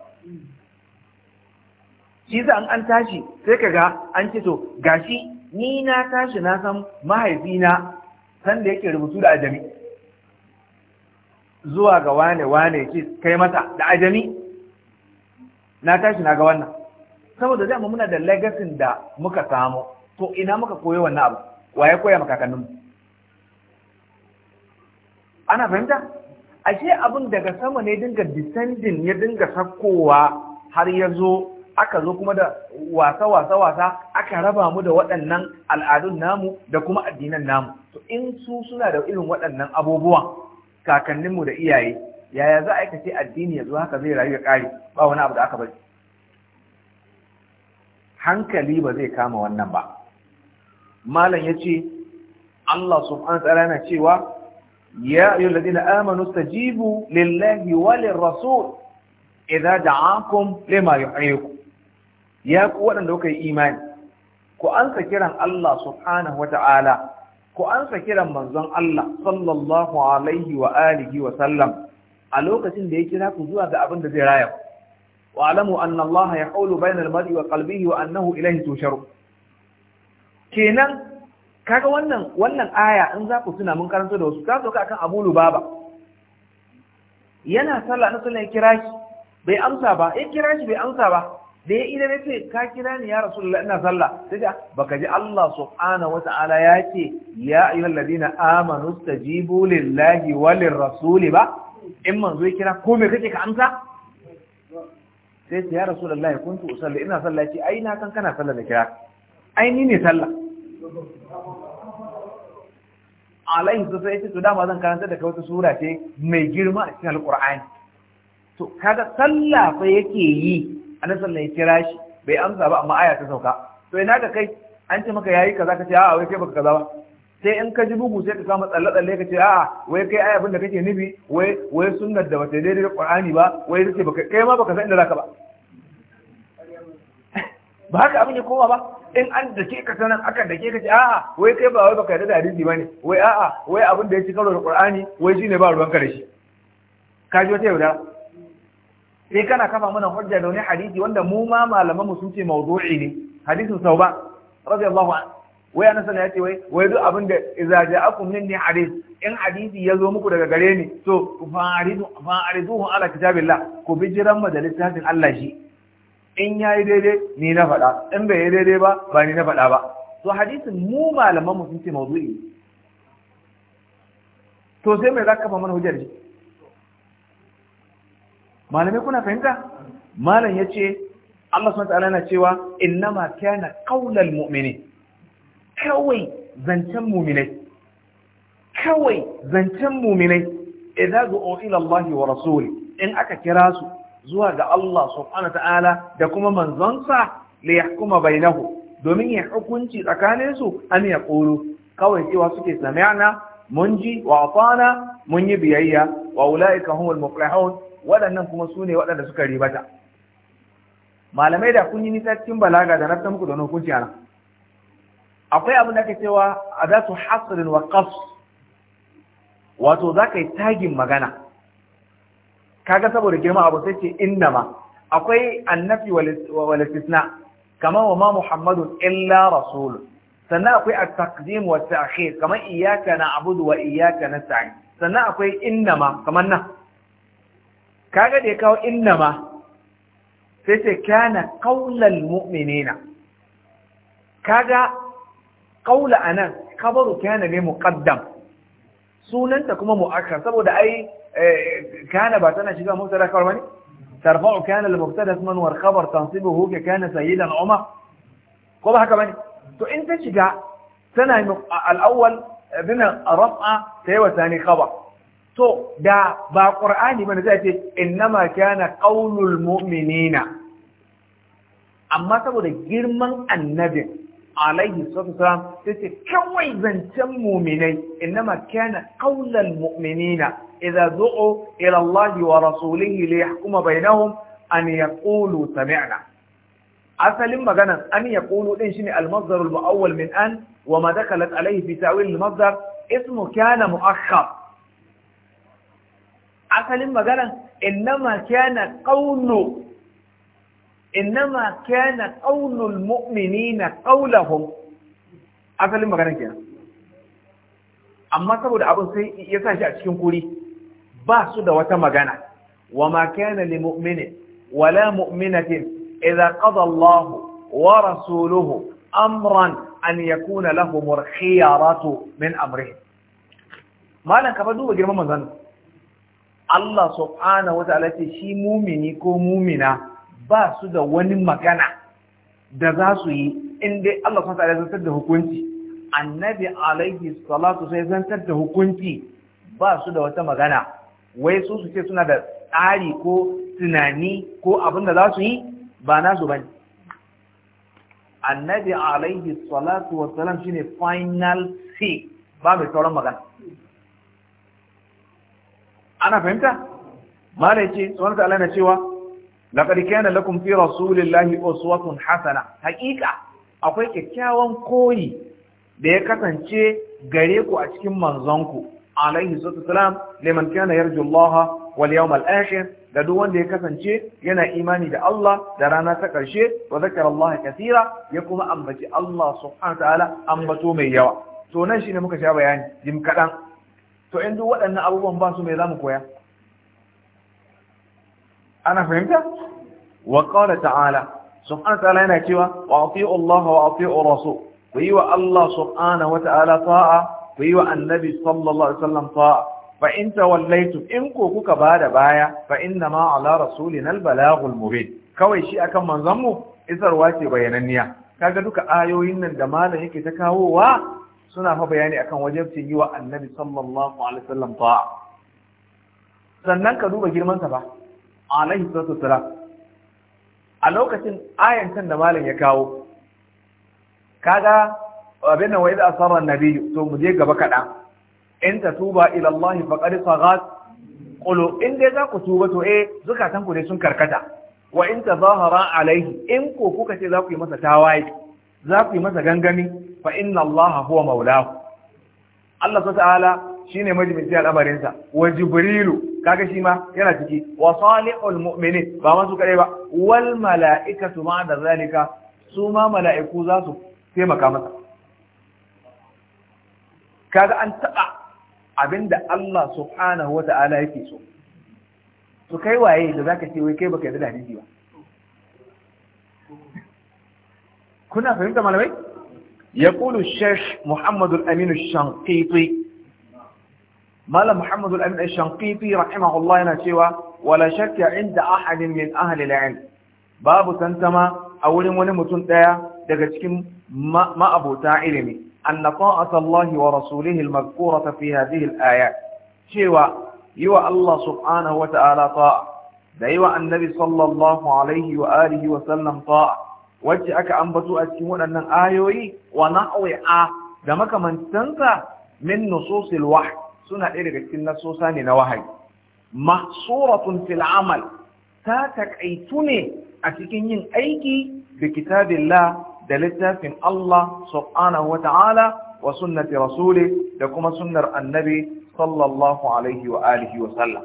shi za an tashi sai ka ga an ce to gashi ni na tashi na san mahaifina sanda yake rubutu da ajami zuwa ga wane wane ce kai mata da ajami na tashi na ga wannan saboda zai muna da legasin da muka samu to ina muka koyo wannan abu waye koya maka kakanninmu ana fahimta ashe abin daga sama ne dinga descending ya dinga sakkowa har ya zo aka zo kuma da wasa wasa wasa aka raba mu da waɗannan al'adun namu da kuma addinan namu to in su suna da irin waɗannan abubuwan kakanninmu da iyaye yaya za a aikace addini ya zo haka zai rayu ya kare ba wani abu da aka bari hankali ba zai kama wannan ba malam yace Allah subhanahu ta'ala yana cewa ya ayyuhallazina amanu stajibu lillahi walir rasul idza da'akum lima yuhyikum ya ku waɗanda kuka yi imani ku ansa kiran Allah subhanahu wa ta'ala ku ansa kiran manzon Allah sallallahu alaihi wa alihi wa sallam a lokacin da ya kira ku zuwa ga abin da zai raya ku wa alamu anna Allah yaqulu bainal mar'i wa qalbihi wa annahu ilayhi tusharu kenan kaga wannan wannan aya in za ku tuna mun karanta da wasu ta soka akan Abu Lubaba yana sallah na sallah ya kira shi bai amsa ba ya kira shi bai amsa ba da ya ina ce ka kira ni ya rasulullah ina sallah sai baka ji Allah subhanahu wata'ala ya ce ya ayyuhal ladina amanu stajibu lillahi walir rasuli ba in manzo ya kira ko me kake ka amsa sai ya rasulullahi kuntu usalli ina sallah ce ai na kan kana sallah da kira ai ni ne sallah alaihi sai ya ce to dama zan karanta da wata sura ce mai girma a cikin alqur'ani to kaga sallah fa yake yi ana sallallahu ya kira shi bai amsa ba amma aya ta sauka to ina ga kai an ce maka yayi kaza ka ce a'a wai kai baka kaza ba sai in ka ji bugu sai ka kama tsalle-tsalle ka ce a'a wai kai ai abin da kake nufi wai wai sunnar da bata daidai da Qur'ani ba wai take baka kai ma baka san inda zaka ba ba haka abin ya koma ba in an da ke ka sanan aka da ke ka ce a'a wai kai ba wai baka yarda da hadisi bane wai a'a wai abin da ya ci karo da Qur'ani wai shine ba ruwan da shi ka ji wata yaudara sai eh, kana kafa mana hujja da wani hadisi wanda mu ma malaman mu sun ce mawdu'i ne hadisin sauba radiyallahu anhu wai ana sana ya ce wai wai duk abin da idza ja'akum minni hadith in hadisi ya zo muku daga gare ni to fa'aridu fa'ariduhu ala kitabillah ku bijiran majalisatin Allah shi in yayi daidai ni na faɗa in bai yi daidai ba ba ni na faɗa ba to hadisin mu malaman mu sun ce mawdu'i to sai mai zaka fa mana hujjar shi malamai kuna fahimta malam yace Allah subhanahu wa ta'ala yana cewa innama kana qaulal mu'minin kawai zancen muminai kawai zancen muminai idza du'u ila Allah wa rasuli in aka kira su zuwa ga Allah subhanahu ta'ala da kuma manzonsa li yahkuma bainahu domin ya hukunci tsakanin su an ya koro kawai cewa suke sami'na mun ji wa atana mun yi biyayya wa ulaika humul muflihun waɗannan kuma su ne waɗanda suka ribata malamai da kun yi nisa cikin balaga da na muku da hukunci ana akwai abin da ake cewa adatu hasrin wa qas wato za zaka yi tagin magana kaga saboda girma abu sai ce innama akwai annafi wal istisna kamar wa ma Muhammadu illa rasul sannan akwai at-taqdim wa ta'khir kamar na abudu wa na nasta'in sannan akwai innama kamar nan kaga da ya kawo innama sai ce kana qaulal mu'minina kaga قول أنا خبر كان لي مقدم سونن تكون مؤخر سبب أي آه، كان بعثنا شجع مبتدا كرماني ترفع كان المبتدا من والخبر تنصبه هو كان سيدا عمر قبها كرماني تو أنت شجع سنة الأول بنا رفع سوى ثاني خبر تو دا بالقرآن من زي إنما كان قول المؤمنين أما سبب الجرمن النبي عليه الصلاة والسلام تسي كوي بنتم مؤمنين إنما كان قول المؤمنين إذا دعوا إلى الله ورسوله ليحكم بينهم أن يقولوا سمعنا عسى لما قنا أن يقولوا إن شني المصدر المؤول من أن وما دخلت عليه في تأويل المصدر اسمه كان مؤخر عسى لما قنا إنما كان قول إنما كان قول المؤمنين قولهم أصل مغانا كنا أما سبو أبو سي يساشي أتشكين كوري باسو دوة مغانا وما كان لمؤمن ولا مؤمنة إذا قضى الله ورسوله أمرا أن يكون لهم الخيارات من أمرهم malam ka fa duba girman manzon Allah subhanahu wa ta'ala ce shi mumini ko mumina ba su da wani magana da za su yi in dai Allah sun ya zantar da hukunci annabi alaihi salatu sai zantar da hukunci ba su da wata magana wai su su ce suna da tsari ko tunani ko abin da za su yi ba na su bane annabi alaihi salatu wassalam shine final say ba mai sauran magana ana fahimta ne ce tsohon ta'ala na cewa laqad kana lakum fi rasulillahi uswatun hasana haqiqa akwai kyakkyawan koyi da ya kasance gare ku a cikin manzonku alaihi salatu wasalam liman kana yarju Allah wal yawm al akhir da duk wanda ya kasance yana imani da Allah da rana ta karshe wa zakara Allah kaseera ya kuma ambaci Allah subhanahu ta'ala ambato mai yawa to nan shine muka sha bayani jim kadan to in duk waɗannan abubuwan ba su mai zamu koya ana fahimta wa qala ta'ala subhanahu ta'ala yana cewa wa ati'u Allah wa ati'u rasul ku yi wa Allah subhanahu ta'ala ta'a ku yi wa annabi sallallahu alaihi wasallam ta'a fa in tawallaytum in ko kuka bada baya fa inna ma ala rasulina al-balaghul mubin kawai shi akan manzon mu isarwa ce bayananniya kaga duka ayoyin nan da malam yake ta kawowa suna fa bayani akan wajibcin yi wa annabi sallallahu alaihi wasallam ta'a sannan ka duba girman sa ba alaihi salatu wasalam a lokacin ayan can da malam ya kawo kaga abin nan wa idza asarra an to mu je gaba kada in tatuba ila Allah faqad saghat qulu in dai za ku tuba to eh zukatan ku dai sun karkata wa in tazahara alaihi in ko kuka ce za ku yi masa tawaye za ku yi masa gangami fa inna Allah huwa maulahu Allah subhanahu wa ta'ala shine majibinci al'amarin sa wa jibrilu kaga shi ma yana ciki wa salihul mu'minin ba masu kadai ba wal mala'ikatu ma da zalika su ma mala'iku za su taimaka masa kaga an taba abinda Allah subhanahu wa ta'ala yake so to kai waye da zaka ce wai kai baka yarda da hadisi ba kuna fahimta malamai yaqulu shaykh Muhammad al-Amin al-Shanqiti malam muhammadu al-amin al-shanqiti rahimahullah yana cewa wala shakka inda ahadin min ahli al-ilm babu tantama a wurin wani mutum daya daga cikin ma'abota ilimi anna ta'atallahi wa rasulihi al-mazkurata fi hadhihi al-ayat cewa yiwa Allah subhanahu wa ta'ala ta'a da yiwa annabi sallallahu alaihi wa alihi wa sallam ta'a wacce aka ambato a cikin waɗannan ayoyi wa na'wi'a da makamantansa min nususil wahyi suna ɗaya daga cikin nasosa ne na wahayi mahsuratun fil amal ta taƙaitu ne a cikin yin aiki da kitabillah da littafin Allah subhanahu wa ta'ala wa sunnati rasuli da kuma sunnar annabi sallallahu alaihi wa alihi wa sallam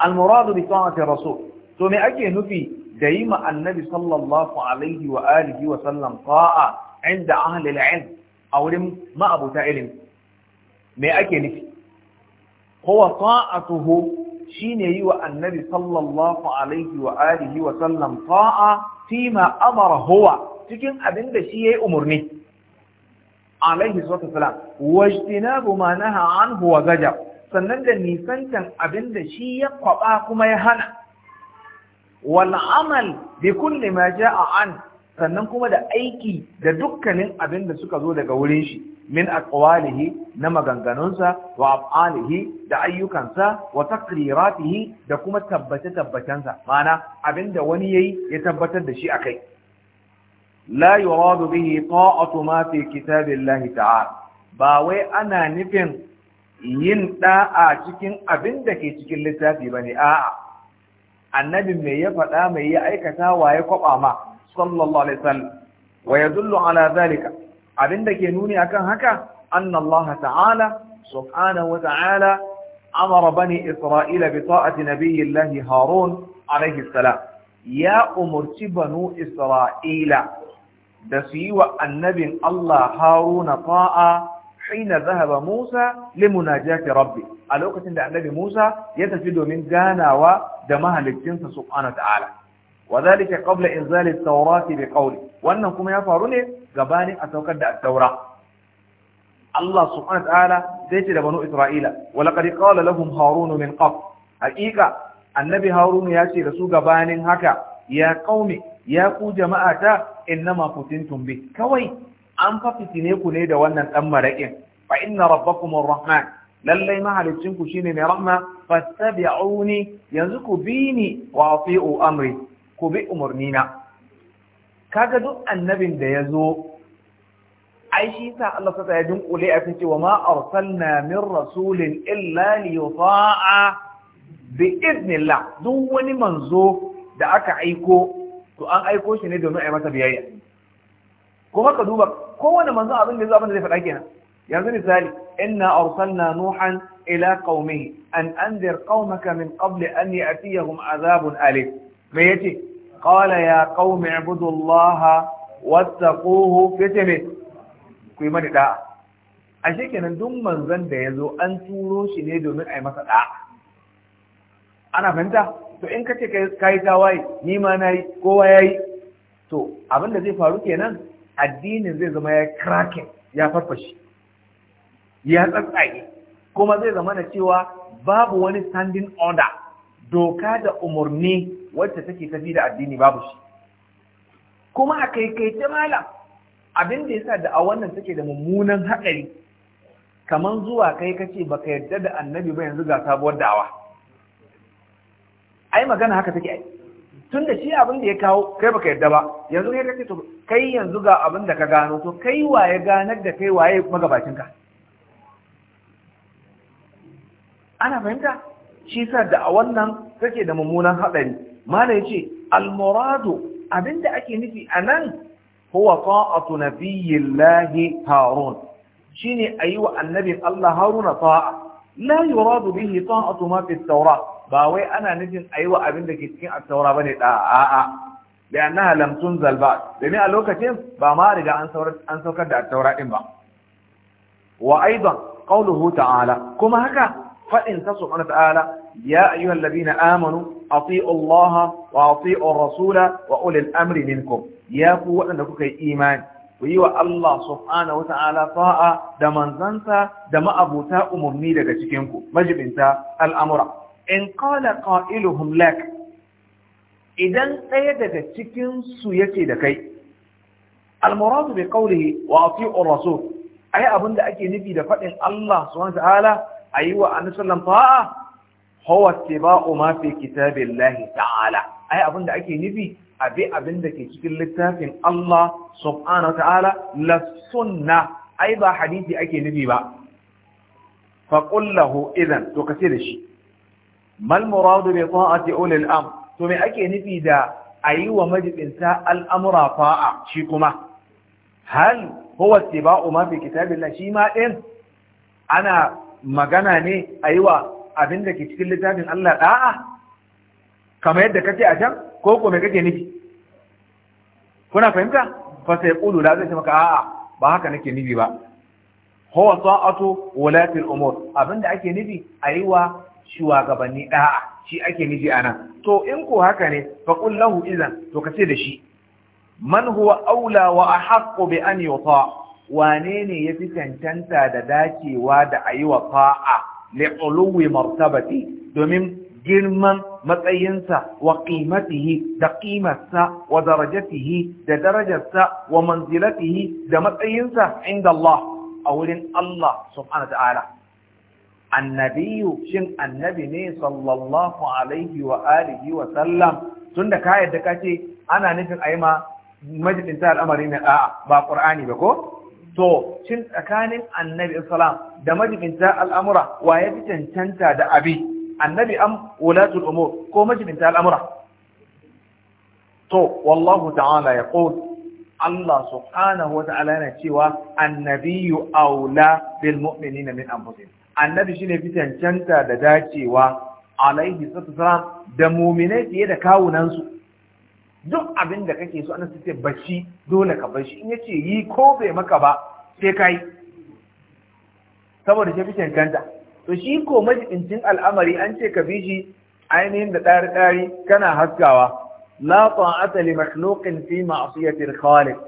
al-muradu bi ta'ati rasul to me ake nufi da yi ma annabi sallallahu alaihi wa alihi wa sallam ta'a inda ahli al-ilm a wurin ma'abuta ilimi me ake nufi huwa ta'atuhu shine yi wa annabi sallallahu alaihi wa alihi wa sallam ta'a fi ma amara huwa cikin abin da shi yayi umurni alaihi sallallahu wasallam wajtinabu ma naha anhu wa gaja sannan da nisantan abin da shi ya kwaba kuma ya hana wal amal bi kulli ma ja'a an sannan kuma da aiki da dukkanin abin da suka zo daga wurin shi min aqwalihi na maganganunsa wa af'alihi da ayyukansa wa taqriratihi da kuma tabbace tabbacensa mana da wani yayi ya tabbatar da shi akai la yuradu bihi ta'atu ma fi kitabillahi ta'ala ba wai ana nufin yin da'a cikin abin da ke cikin littafi bane a'a annabin me ya faɗa mai ya aikata wa ya kwaba ma صلى الله عليه وسلم ويدل على ذلك عندك ينوني أكن هكا أن الله تعالى سبحانه وتعالى أمر بني إسرائيل بطاعة نبي الله هارون عليه السلام يا أمر بنو إسرائيل دسيو النبي الله هارون طاعة حين ذهب موسى لمناجاة ربي الوقت عند النبي موسى يتفيد من جانا ودمها للجنس سبحانه وتعالى wa zalika qabla inzali at-taurati bi wannan kuma ya faru ne gabanin a saukar da at-taura Allah subhanahu wa ta'ala zai ce da banu Isra'ila wa laqad qala lahum harun min qabl haqiqa annabi harun ya ce da su gabanin haka ya qaumi ya ku jama'ata innama futintum bi kawai an fa fitine ku ne da wannan dan maraƙin fa inna rabbakum Rahman! lallai mahalicin ku shine mai rahma fattabi'uni yanzu ku bini wa ati'u amri ku bi umarnina kaga duk annabin da ya zo ai shi sa Allah ta ya dunkule a cikin wa ma arsalna min rasulin illa li yuta'a bi idnillah duk wani manzo da aka aiko to an aiko shi ne domin a yi masa biyayya kuma haka duba kowane manzo abin da zo abin da zai faɗa kenan yanzu misali inna arsalna nuhan ila qaumihi an anzir qaumaka min qabli an ya'tiyahum azabun alim me yace qala ya qaumi ibudullaha wattaquhu yace ku yi mani da'a a shekenan duk manzon da ya zo an turo shi ne domin a yi masa da'a ana fahimta to in kace kai tawaye ni ma nayi kowa yayi to abin da zai faru kenan addinin zai zama ya krake ya farfashe ya tsatsaye kuma zai zama na cewa babu wani standing order doka da umarni wacce take tafi da addini babu shi kuma a kaikaice malam abin da yasa da a wannan take da mummunan haɗari kaman zuwa kai kace baka yarda da annabi ba yanzu ga sabuwar da'awa ai magana haka take ai tun da shi abin da ya kawo kai baka yarda ba yanzu kai kace to kai yanzu ga abin da ka gano to kai waye ganar da kai waye magabacin ka ana fahimta shi sa da a wannan take da mummunan haɗari ما نجي المراد أبنت أكيني في أنان هو طاعة نبي الله هارون شيني أيوة النبي الله هارون طاعة لا يراد به طاعة ما في التوراة باوي أنا نجي أيوة أبنت كتكين الثورة بنت آآ آآ آآ لأنها لم تنزل بعد لمن ألوك تيم بامارجة أن سوكد التوراة إمبا وأيضا قوله تعالى كما هكا فإن تصبح الله تعالى يا أيها الذين آمنوا ati'u Allah wa ati'u Rasula wa ulil amri minkum ya ku waɗanda kuka yi imani ku yi wa Allah subhanahu wata'ala ta'a da manzansa da ma'abuta umarni daga cikin ku majibinta al'amura in qala qailuhum lak idan ɗaya daga cikin su yake da kai al-muradu bi qawlihi wa ati'u Rasul ai abinda ake nufi da faɗin Allah subhanahu wata'ala ayi wa annabi sallallahu alaihi huwa tiba'u ma fi kitabillahi ta'ala ai abin da ake nufi abi abin da ke cikin littafin Allah subhanahu ta'ala la sunna ai ba hadisi ake nufi ba fa qul lahu idan to kace da shi mal muradu bi ta'ati ulil am to me ake nufi da ayi wa majibinta al'amura fa'a shi kuma hal huwa tiba'u ma fi kitabillah shi ma din ana magana ne ayi wa abin da ke cikin littafin Allah ɗa'a. kamar yadda kace a can ko ko me kake nufi kuna fahimta fa sai qulu la zai maka a'a ba haka nake nufi ba huwa sa'atu wulati al abin da ake nufi wa shugabanni da'a shi ake nufi anan to in ko haka ne fa qul idan to kace da shi man huwa aula wa ahaqqu bi an yuta wane ne yafi tantanta da dacewa da ayiwa fa'a li'uluwi martabati domin girman matsayinsa wa qimatihi da qimarsa wa darajatihi da darajarsa wa manzilatihi da matsayinsa inda Allah a wurin Allah subhanahu ta'ala annabiyu shin annabi ne sallallahu alaihi wa alihi wa sallam tunda ka yadda kace ana nufin ayi ma majiɗinta al'amarin al'amari na da'a ba qur'ani ba ko to cin tsakanin annabi salam da majibinta al'amura wa ya fi cancanta da abi annabi am wulatul umur ko majibinta al'amura to wallahu ta'ala ya ƙo Allah subhanahu wa ta'ala yana cewa Annabi annabiyu aula bil mu'minina min anfusihim annabi shine fi cancanta da dacewa alaihi salatu da mu'minai fiye da kawunansu duk abin da kake so ana sace bacci dole ka bar in yace yi ko bai maka ba sai kai saboda shi kanta to shi ko majibincin al'amari an ce ka bi shi ainihin da tsari tsari kana haskawa la ta'ata li makhluqin fi ma'siyati al-khaliq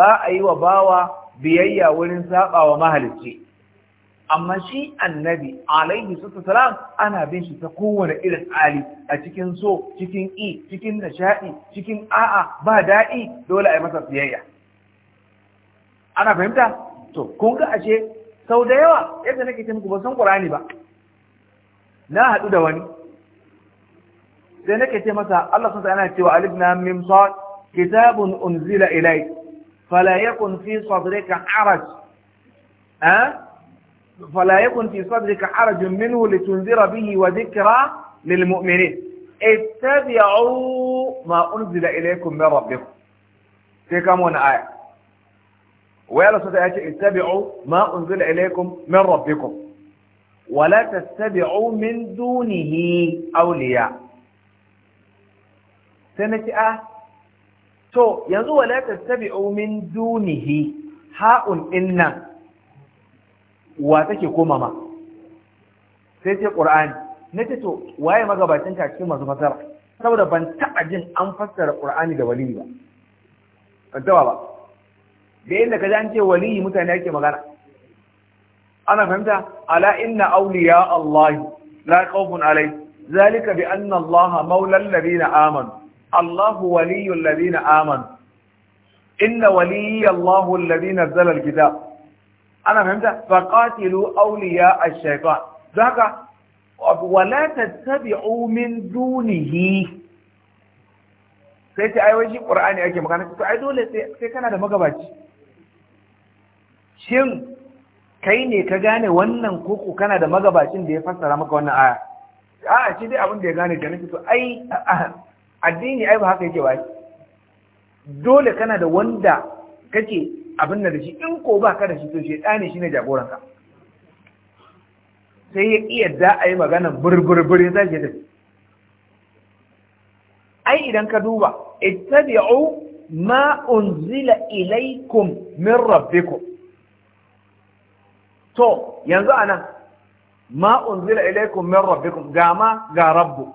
ba a yi wa bawa biyayya wurin sabawa mahalicci amma shi annabi alaihi salam ana bin shi ta kowane irin hali a cikin so cikin i cikin nishaɗi cikin a'a ba daɗi dole a yi masa siyayya ana fahimta to kun ga ashe sau da yawa yadda nake ce muku ba san qur'ani ba na haɗu da wani sai nake ce masa Allah sun yana cewa alif na mim sad kitabun unzila ilayk fala yakun fi sadrika haraj eh? فلا يكن في صدرك حرج منه لتنذر به وذكرى للمؤمنين اتبعوا ما أنزل إليكم من ربكم في كمون آية ويلا ستأتي اتبعوا ما أنزل إليكم من ربكم ولا تتبعوا من دونه أولياء سنتي آه تو يزو ولا تتبعوا من دونه هاء ان wa take koma ma sai ce qur'ani ce to waye magabacin ka cikin masu fasara saboda ban taɓa jin an fassara qur'ani da waliyi ba ban taɓa ba da yadda kaji an ce waliyi mutane ake magana ana fahimta ala inna awliya allahi la khawfun alayhi ذلك بأن الله مولى الذين آمنوا الله ولي الذين آمنوا إن ولي الله الذي نزل الكتاب ana fahimta faqatilu awliya ash-shaytan wa la tattabi'u min dunihi sai ta aiwai shi qur'ani ake magana to ai dole sai kana da magabaci shin kai ne ka gane wannan koko kana da magabacin da ya fassara maka wannan aya a shi dai abin da ya gane da nake to ai addini ai ba haka yake ba dole kana da wanda kake abin da shi in ko ba ka da shi to shi ne jagoranka sai ya iya da a yi magana burburbur ya zage da ai idan ka duba ittabi'u ma unzila ilaikum min rabbikum to yanzu anan ma unzila ilaikum min rabbikum ga ga rabbu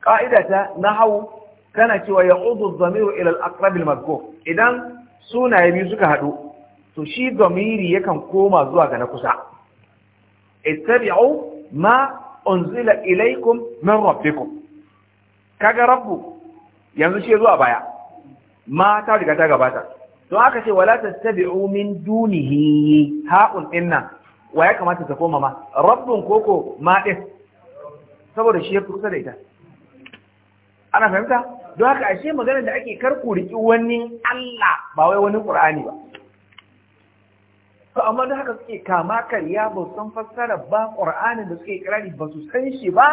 ka'idata hau kana cewa ya'udu zamiru ilal ila al idan sunaye biyu suka haɗu to shi domiri yakan koma zuwa ga na kusa ittabi'u ma unzila ilaikum min rabbikum kaga rabbu yanzu shi zuwa baya ma ta riga ta gabata don aka ce wala tattabi'u min dunihi ha'un inna wa ya kamata ta koma ma rabbun koko ma din saboda shi ya kusa da ita ana fahimta don haka ashe magana da ake karku riki wani Allah ba wai wani ƙur'ani ba to amma don haka suke kama karya ba san fassara ba ƙur'anin da suke ƙirari ba su san shi ba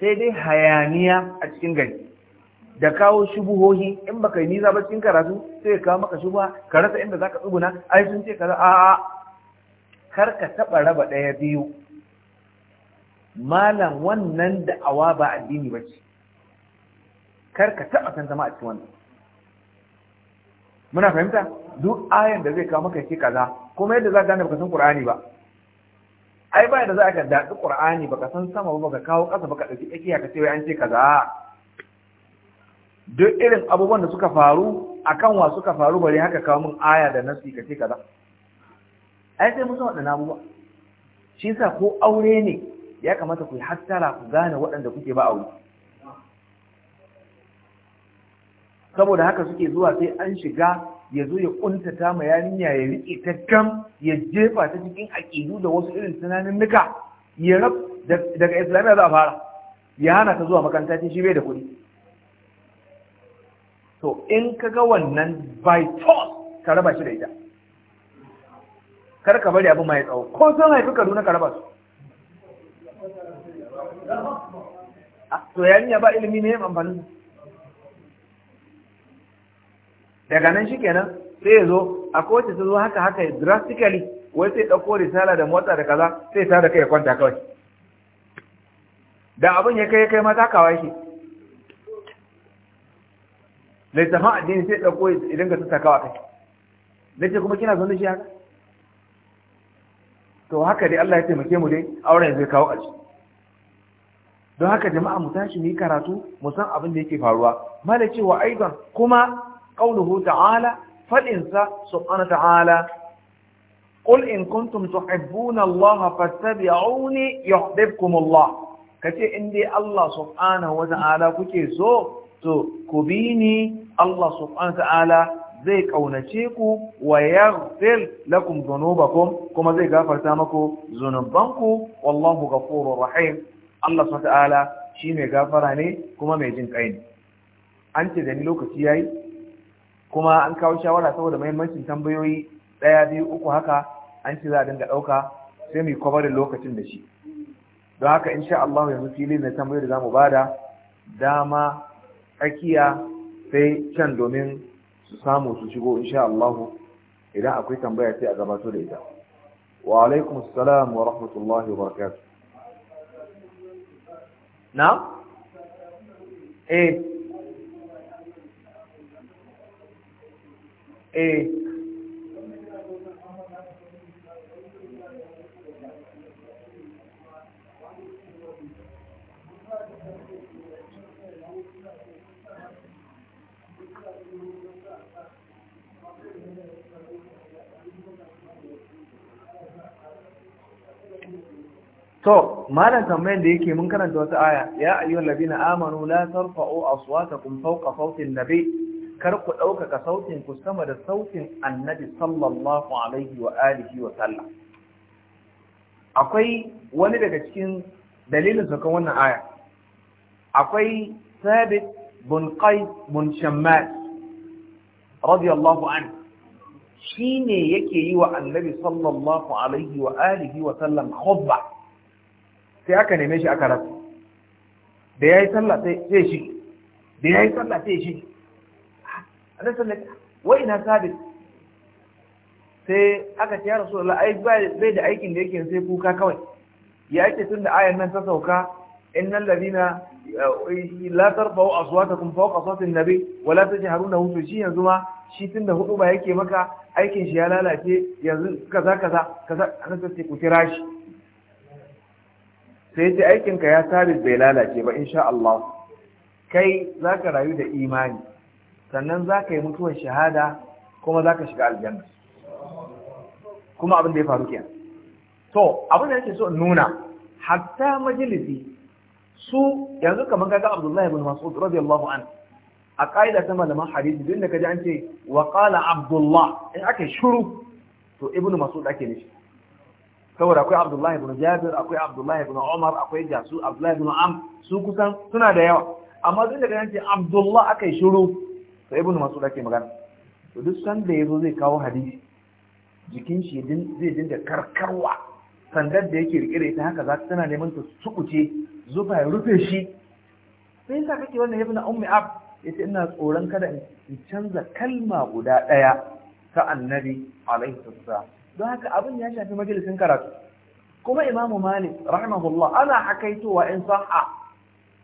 sai dai hayaniya a cikin gari da kawo shubuhohi in baka yi nisa ba cikin karatu sai kawo maka shubuha ka rasa inda zaka tsuguna ai sun ce kaza a'a kar ka taba raba ɗaya biyu malam wannan da'awa ba addini ba ce kar ka taɓa san zama a cikin wannan muna fahimta duk ayan da zai kawo maka yake kaza kuma yadda za ka gane baka san qur'ani ba ai ba da za ka daɗi qur'ani baka san sama ba baka kawo ƙasa baka ɗauki tsakiya ka ce wai an ce kaza duk irin abubuwan da suka faru akan wa suka faru bare haka kawo min aya da nasi ka ce kaza ai sai musu waɗannan abubuwa shi yasa ko aure ne ya kamata ku yi hattara ku gane waɗanda kuke ba aure saboda haka suke zuwa sai an shiga ya zo ya kuntata ma yarinya ya riƙe ta gam ya jefa ta cikin aƙidu da wasu irin tunanin nuka ya rab daga islamiyya za a fara ya hana ta zuwa makaranta ce shi bai da kuɗi to in ka ga wannan by force ka raba shi da ita kar ka bari abin mai tsawo ko sun haifi kaduna ka raba su ah, to yarinya ba ilimi ne amfanin daga nan shi kenan, sai ya zo a kowace ta zo haka haka drastically wai sai ɗauko risala da motsa da kaza sai ta da kai ya kwanta kawai da abin ya kai ya kai mata kawai shi littafin addini sai ɗauko idan ka tattakawa kai da ce kuma kina zaune shi haka to haka dai Allah ya taimake mu dai auren zai kawo ƙarshe don haka jama'a mu tashi mu yi karatu mu san abin da yake faruwa mala cewa aidan kuma قوله تعالى فالإنساء سبحانه تعالى قل إن كنتم تحبون الله فاتبعوني يحببكم الله كتير عندي الله سبحانه وتعالى كتير تكبيني الله سبحانه وتعالى زي كونتيكو ويغفر لكم ذنوبكم كما زي كافر تامكو ذنوبانكو والله غفور رحيم الله سبحانه وتعالى شيمي غفراني كما ميجين قين أنت دليلك كتير kuma an kawo shawara saboda mahimmancin tambayoyi ɗaya biyu uku haka an ce za a dinga ɗauka sai mu kwabarin lokacin da shi don haka insha Allah yanzu filin na tambayoyi da zamu bada dama tsakiya sai can domin su samu su shigo insha Allah idan akwai tambaya sai a gabato da ita wa alaikum assalam wa rahmatullahi wa barakatuh na eh Eh. to malam tambayan da yake mun karanta wata aya ya ayyuhal ladina amanu la tarfa'u aswatakum fawqa sawti an-nabi kar ku ɗaukaka sautin ku sama da sautin annabi sallallahu alaihi wa alihi wa sallam akwai wani daga cikin dalilin saukan wannan aya akwai sabit bin qais bin shammas radiyallahu anhu shine yake yi wa annabi sallallahu alaihi wa alihi wa sallam khutba sai aka neme shi aka rasa da yayi sallah sai shi da yayi sallah sai shi annabi sallallahu wa ina sabit sai aka ce ya rasulullah ai bai da aikin da yake sai kuka kawai ya ake tun da ayan nan ta sauka innal ladina eh, la tarfa'u aswatakum fawqa sawti an-nabi wa la tajharuna to shi yanzu ma shi tun da hudu ba yake maka aikin shi ya lalace yanzu kaza kaza kaza kaza sai ku kira shi sai ce aikin ka ya sabit bai lalace ba insha Allah kai zaka rayu da imani sannan za ka yi mutuwar shahada kuma za ka shiga aljanna kuma abin da ya faru kenan to abin da yake so nuna hatta majalisi su yanzu kamar kaga Abdullahi ibn Mas'ud radiyallahu anhu a ƙa'ida ta malaman hadisi duk da kaji an ce wa qala Abdullah in ake shuru to ibn Mas'ud ake nishi saboda akwai Abdullahi ibn Jabir akwai Abdullahi ibn Umar akwai Jasu Abdullahi ibn Am su kusan suna da yawa amma duk da kaji an ce Abdullah ake shuru sai ibnu mas'ud ke magana to duk sanda ya zo zai kawo hadisi jikin shi zai dinga karkarwa sandar da yake rike ita haka za ta tana neman ta sukuce zufa ya rufe shi sai sa kake wannan ibnu ummi ab yace ina tsoron kada in canza kalma guda ɗaya. ta annabi alaihi sassa. don haka abin ya shafi majalisin karatu kuma imamu malik rahimahullah ana hakaitowa in sa'a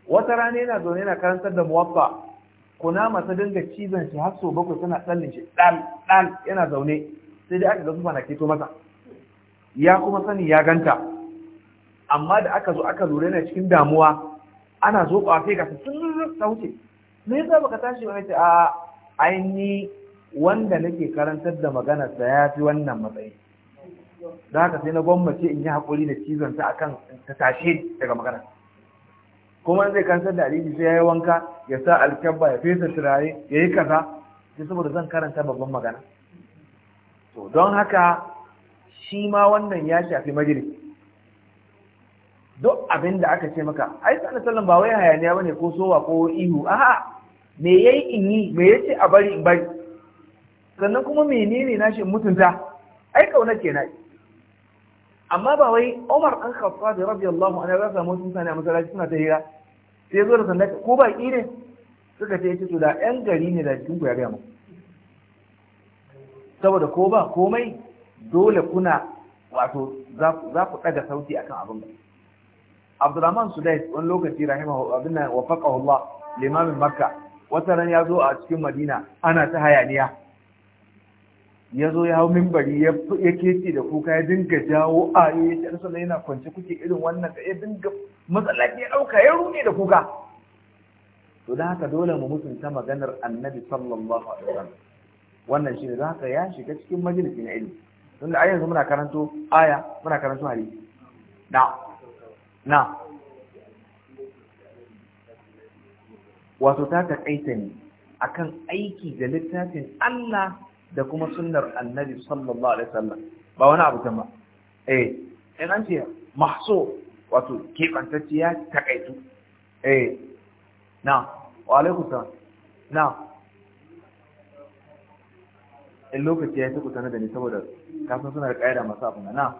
wata rana yana zaune yana karantar da muwaffa kunama ta dinga cizon shi har so bakwai tana tsallin shi ɗal dal yana zaune sai dai aka ga zufa na keto masa ya kuma sani ya ganta amma da aka zo aka lura yana cikin damuwa ana zo ba sai ka sun ta wuce me yasa baka tashi ba ce a aini wanda nake karantar da magana da ya fi wannan matsayi da haka sai na gwammace in yi haƙuri da cizon ta akan ta tashe daga magana kuma zai kansar da hadisi sai ya yi wanka ya sa alkyabba ya fesa turare ya yi kaza sai saboda zan karanta babban magana to don haka shi ma wannan ya shafi majalis duk abin da aka ce maka ai sa na ba wai hayaniya bane ko sowa ko ihu a'a me yayi in yi me yace a bari in bari sannan kuma menene nashi mutunta ai kauna kenan amma ba wai Umar dan Khattab radiyallahu anhu ya samu sani a masallaci suna ta hira sai ya zo da sanda ko ba ne suka ce ce to da yan gari ne da cikin ya ga mu saboda ko ba komai dole kuna wato za ku daga sauti akan abin Abdurrahman Sudais wani lokaci rahimahu abinna Wafaka Allah limamin Makka wata ran ya zo a cikin Madina ana ta hayaniya ya zo ya hau mimbari ya keci da kuka ya dinga jawo a ayoyi ta rasu yana kwance kuke irin wannan da ya dinga matsalaki ya ɗauka ya rune da kuka to da haka dole mu mutunta maganar annabi sallallahu alaihi wasallam wannan shi ne za ka ya shiga cikin majalisi na ilimi tunda a yanzu muna karanto aya muna karanto hari na na wato ta kaita ne akan aiki da littafin Allah da kuma sunnar annabi sallallahu alaihi wasallam ba wani abu kan ba eh in an ce mahso wato keɓantacce ya takaitu eh na wa alaikum salam na in lokaci ya yi tukuta da ni saboda kasan suna da ƙa'ida masu abin na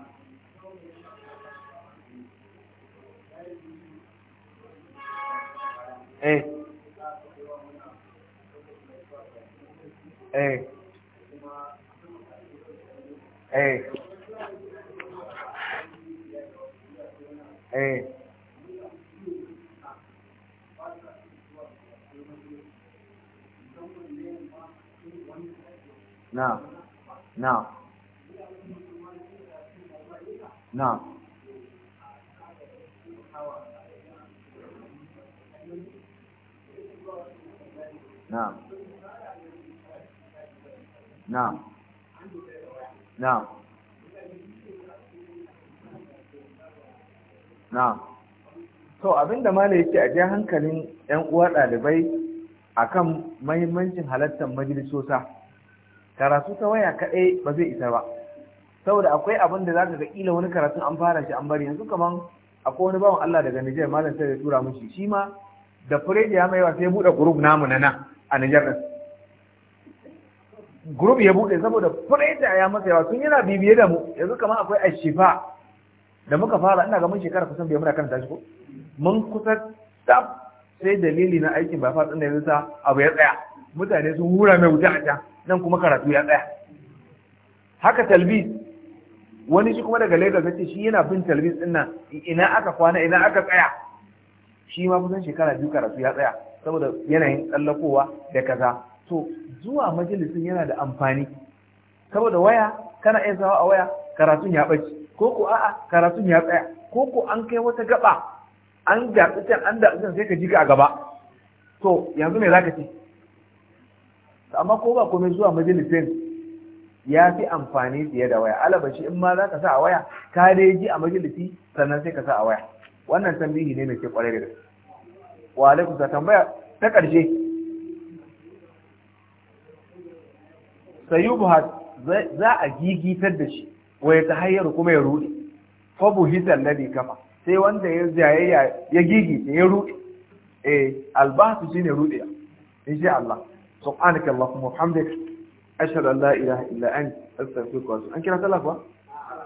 eh eh eh eh na na na na na na'am na'am to abinda mala yake a jan hankalin yan uwa ɗalibai akan mahimmancin halartar majalisosa karatu ta waya kaɗai ba zai isa ba saboda akwai abin da za ka ga ƙila wani karatun an fara shi an bari yanzu kamar akwai wani bawan Allah daga Nijar malam sai ya tura mishi shi ma da fure da ya maiwa sai buɗe group namu na nan a Nijar din group ya bude saboda fureta ya masa yawa tun yana bibiye da mu yanzu kamar akwai ashifa da muka fara ina ga mun shekara kusan bai muna kan shi ko mun kusa tab sai dalili na aikin ba fatsin da yanzu sa abu ya tsaya mutane sun hura mai wuta a can nan kuma karatu ya tsaya haka talbis wani shi kuma daga Lagos yace shi yana bin talbis din nan ina aka kwana ina aka tsaya shi ma kusan shekara biyu karatu ya tsaya saboda yanayin tsallakowa da kaza to zuwa majalisin yana da amfani saboda waya kana iya sawa a waya karatun ya ɓaci ko ko a'a karatun ya tsaya ko ko an kai wata gaba an daɗi can an da can sai ka ji ka a gaba to yanzu me zaka ce amma ko ba komai zuwa majalisin ya fi amfani fiye da waya shi in ma za ka sa a waya ka dai ji a majalisi sannan sai ka sa a waya wannan tambihi ne mai ke kwarai da gaske wa alaikum ta tambaya ta ƙarshe sayubhat za a gigitar da shi wa ta hayyar kuma ya ruɗe? fa buhitan ladhi kafa sai wanda ya jayayya ya ya rude eh albahtu shine ruɗe. insha Allah subhanaka allahumma wa bihamdika ashhadu an la ilaha illa anta astaghfiruka wa atubu an kira talafa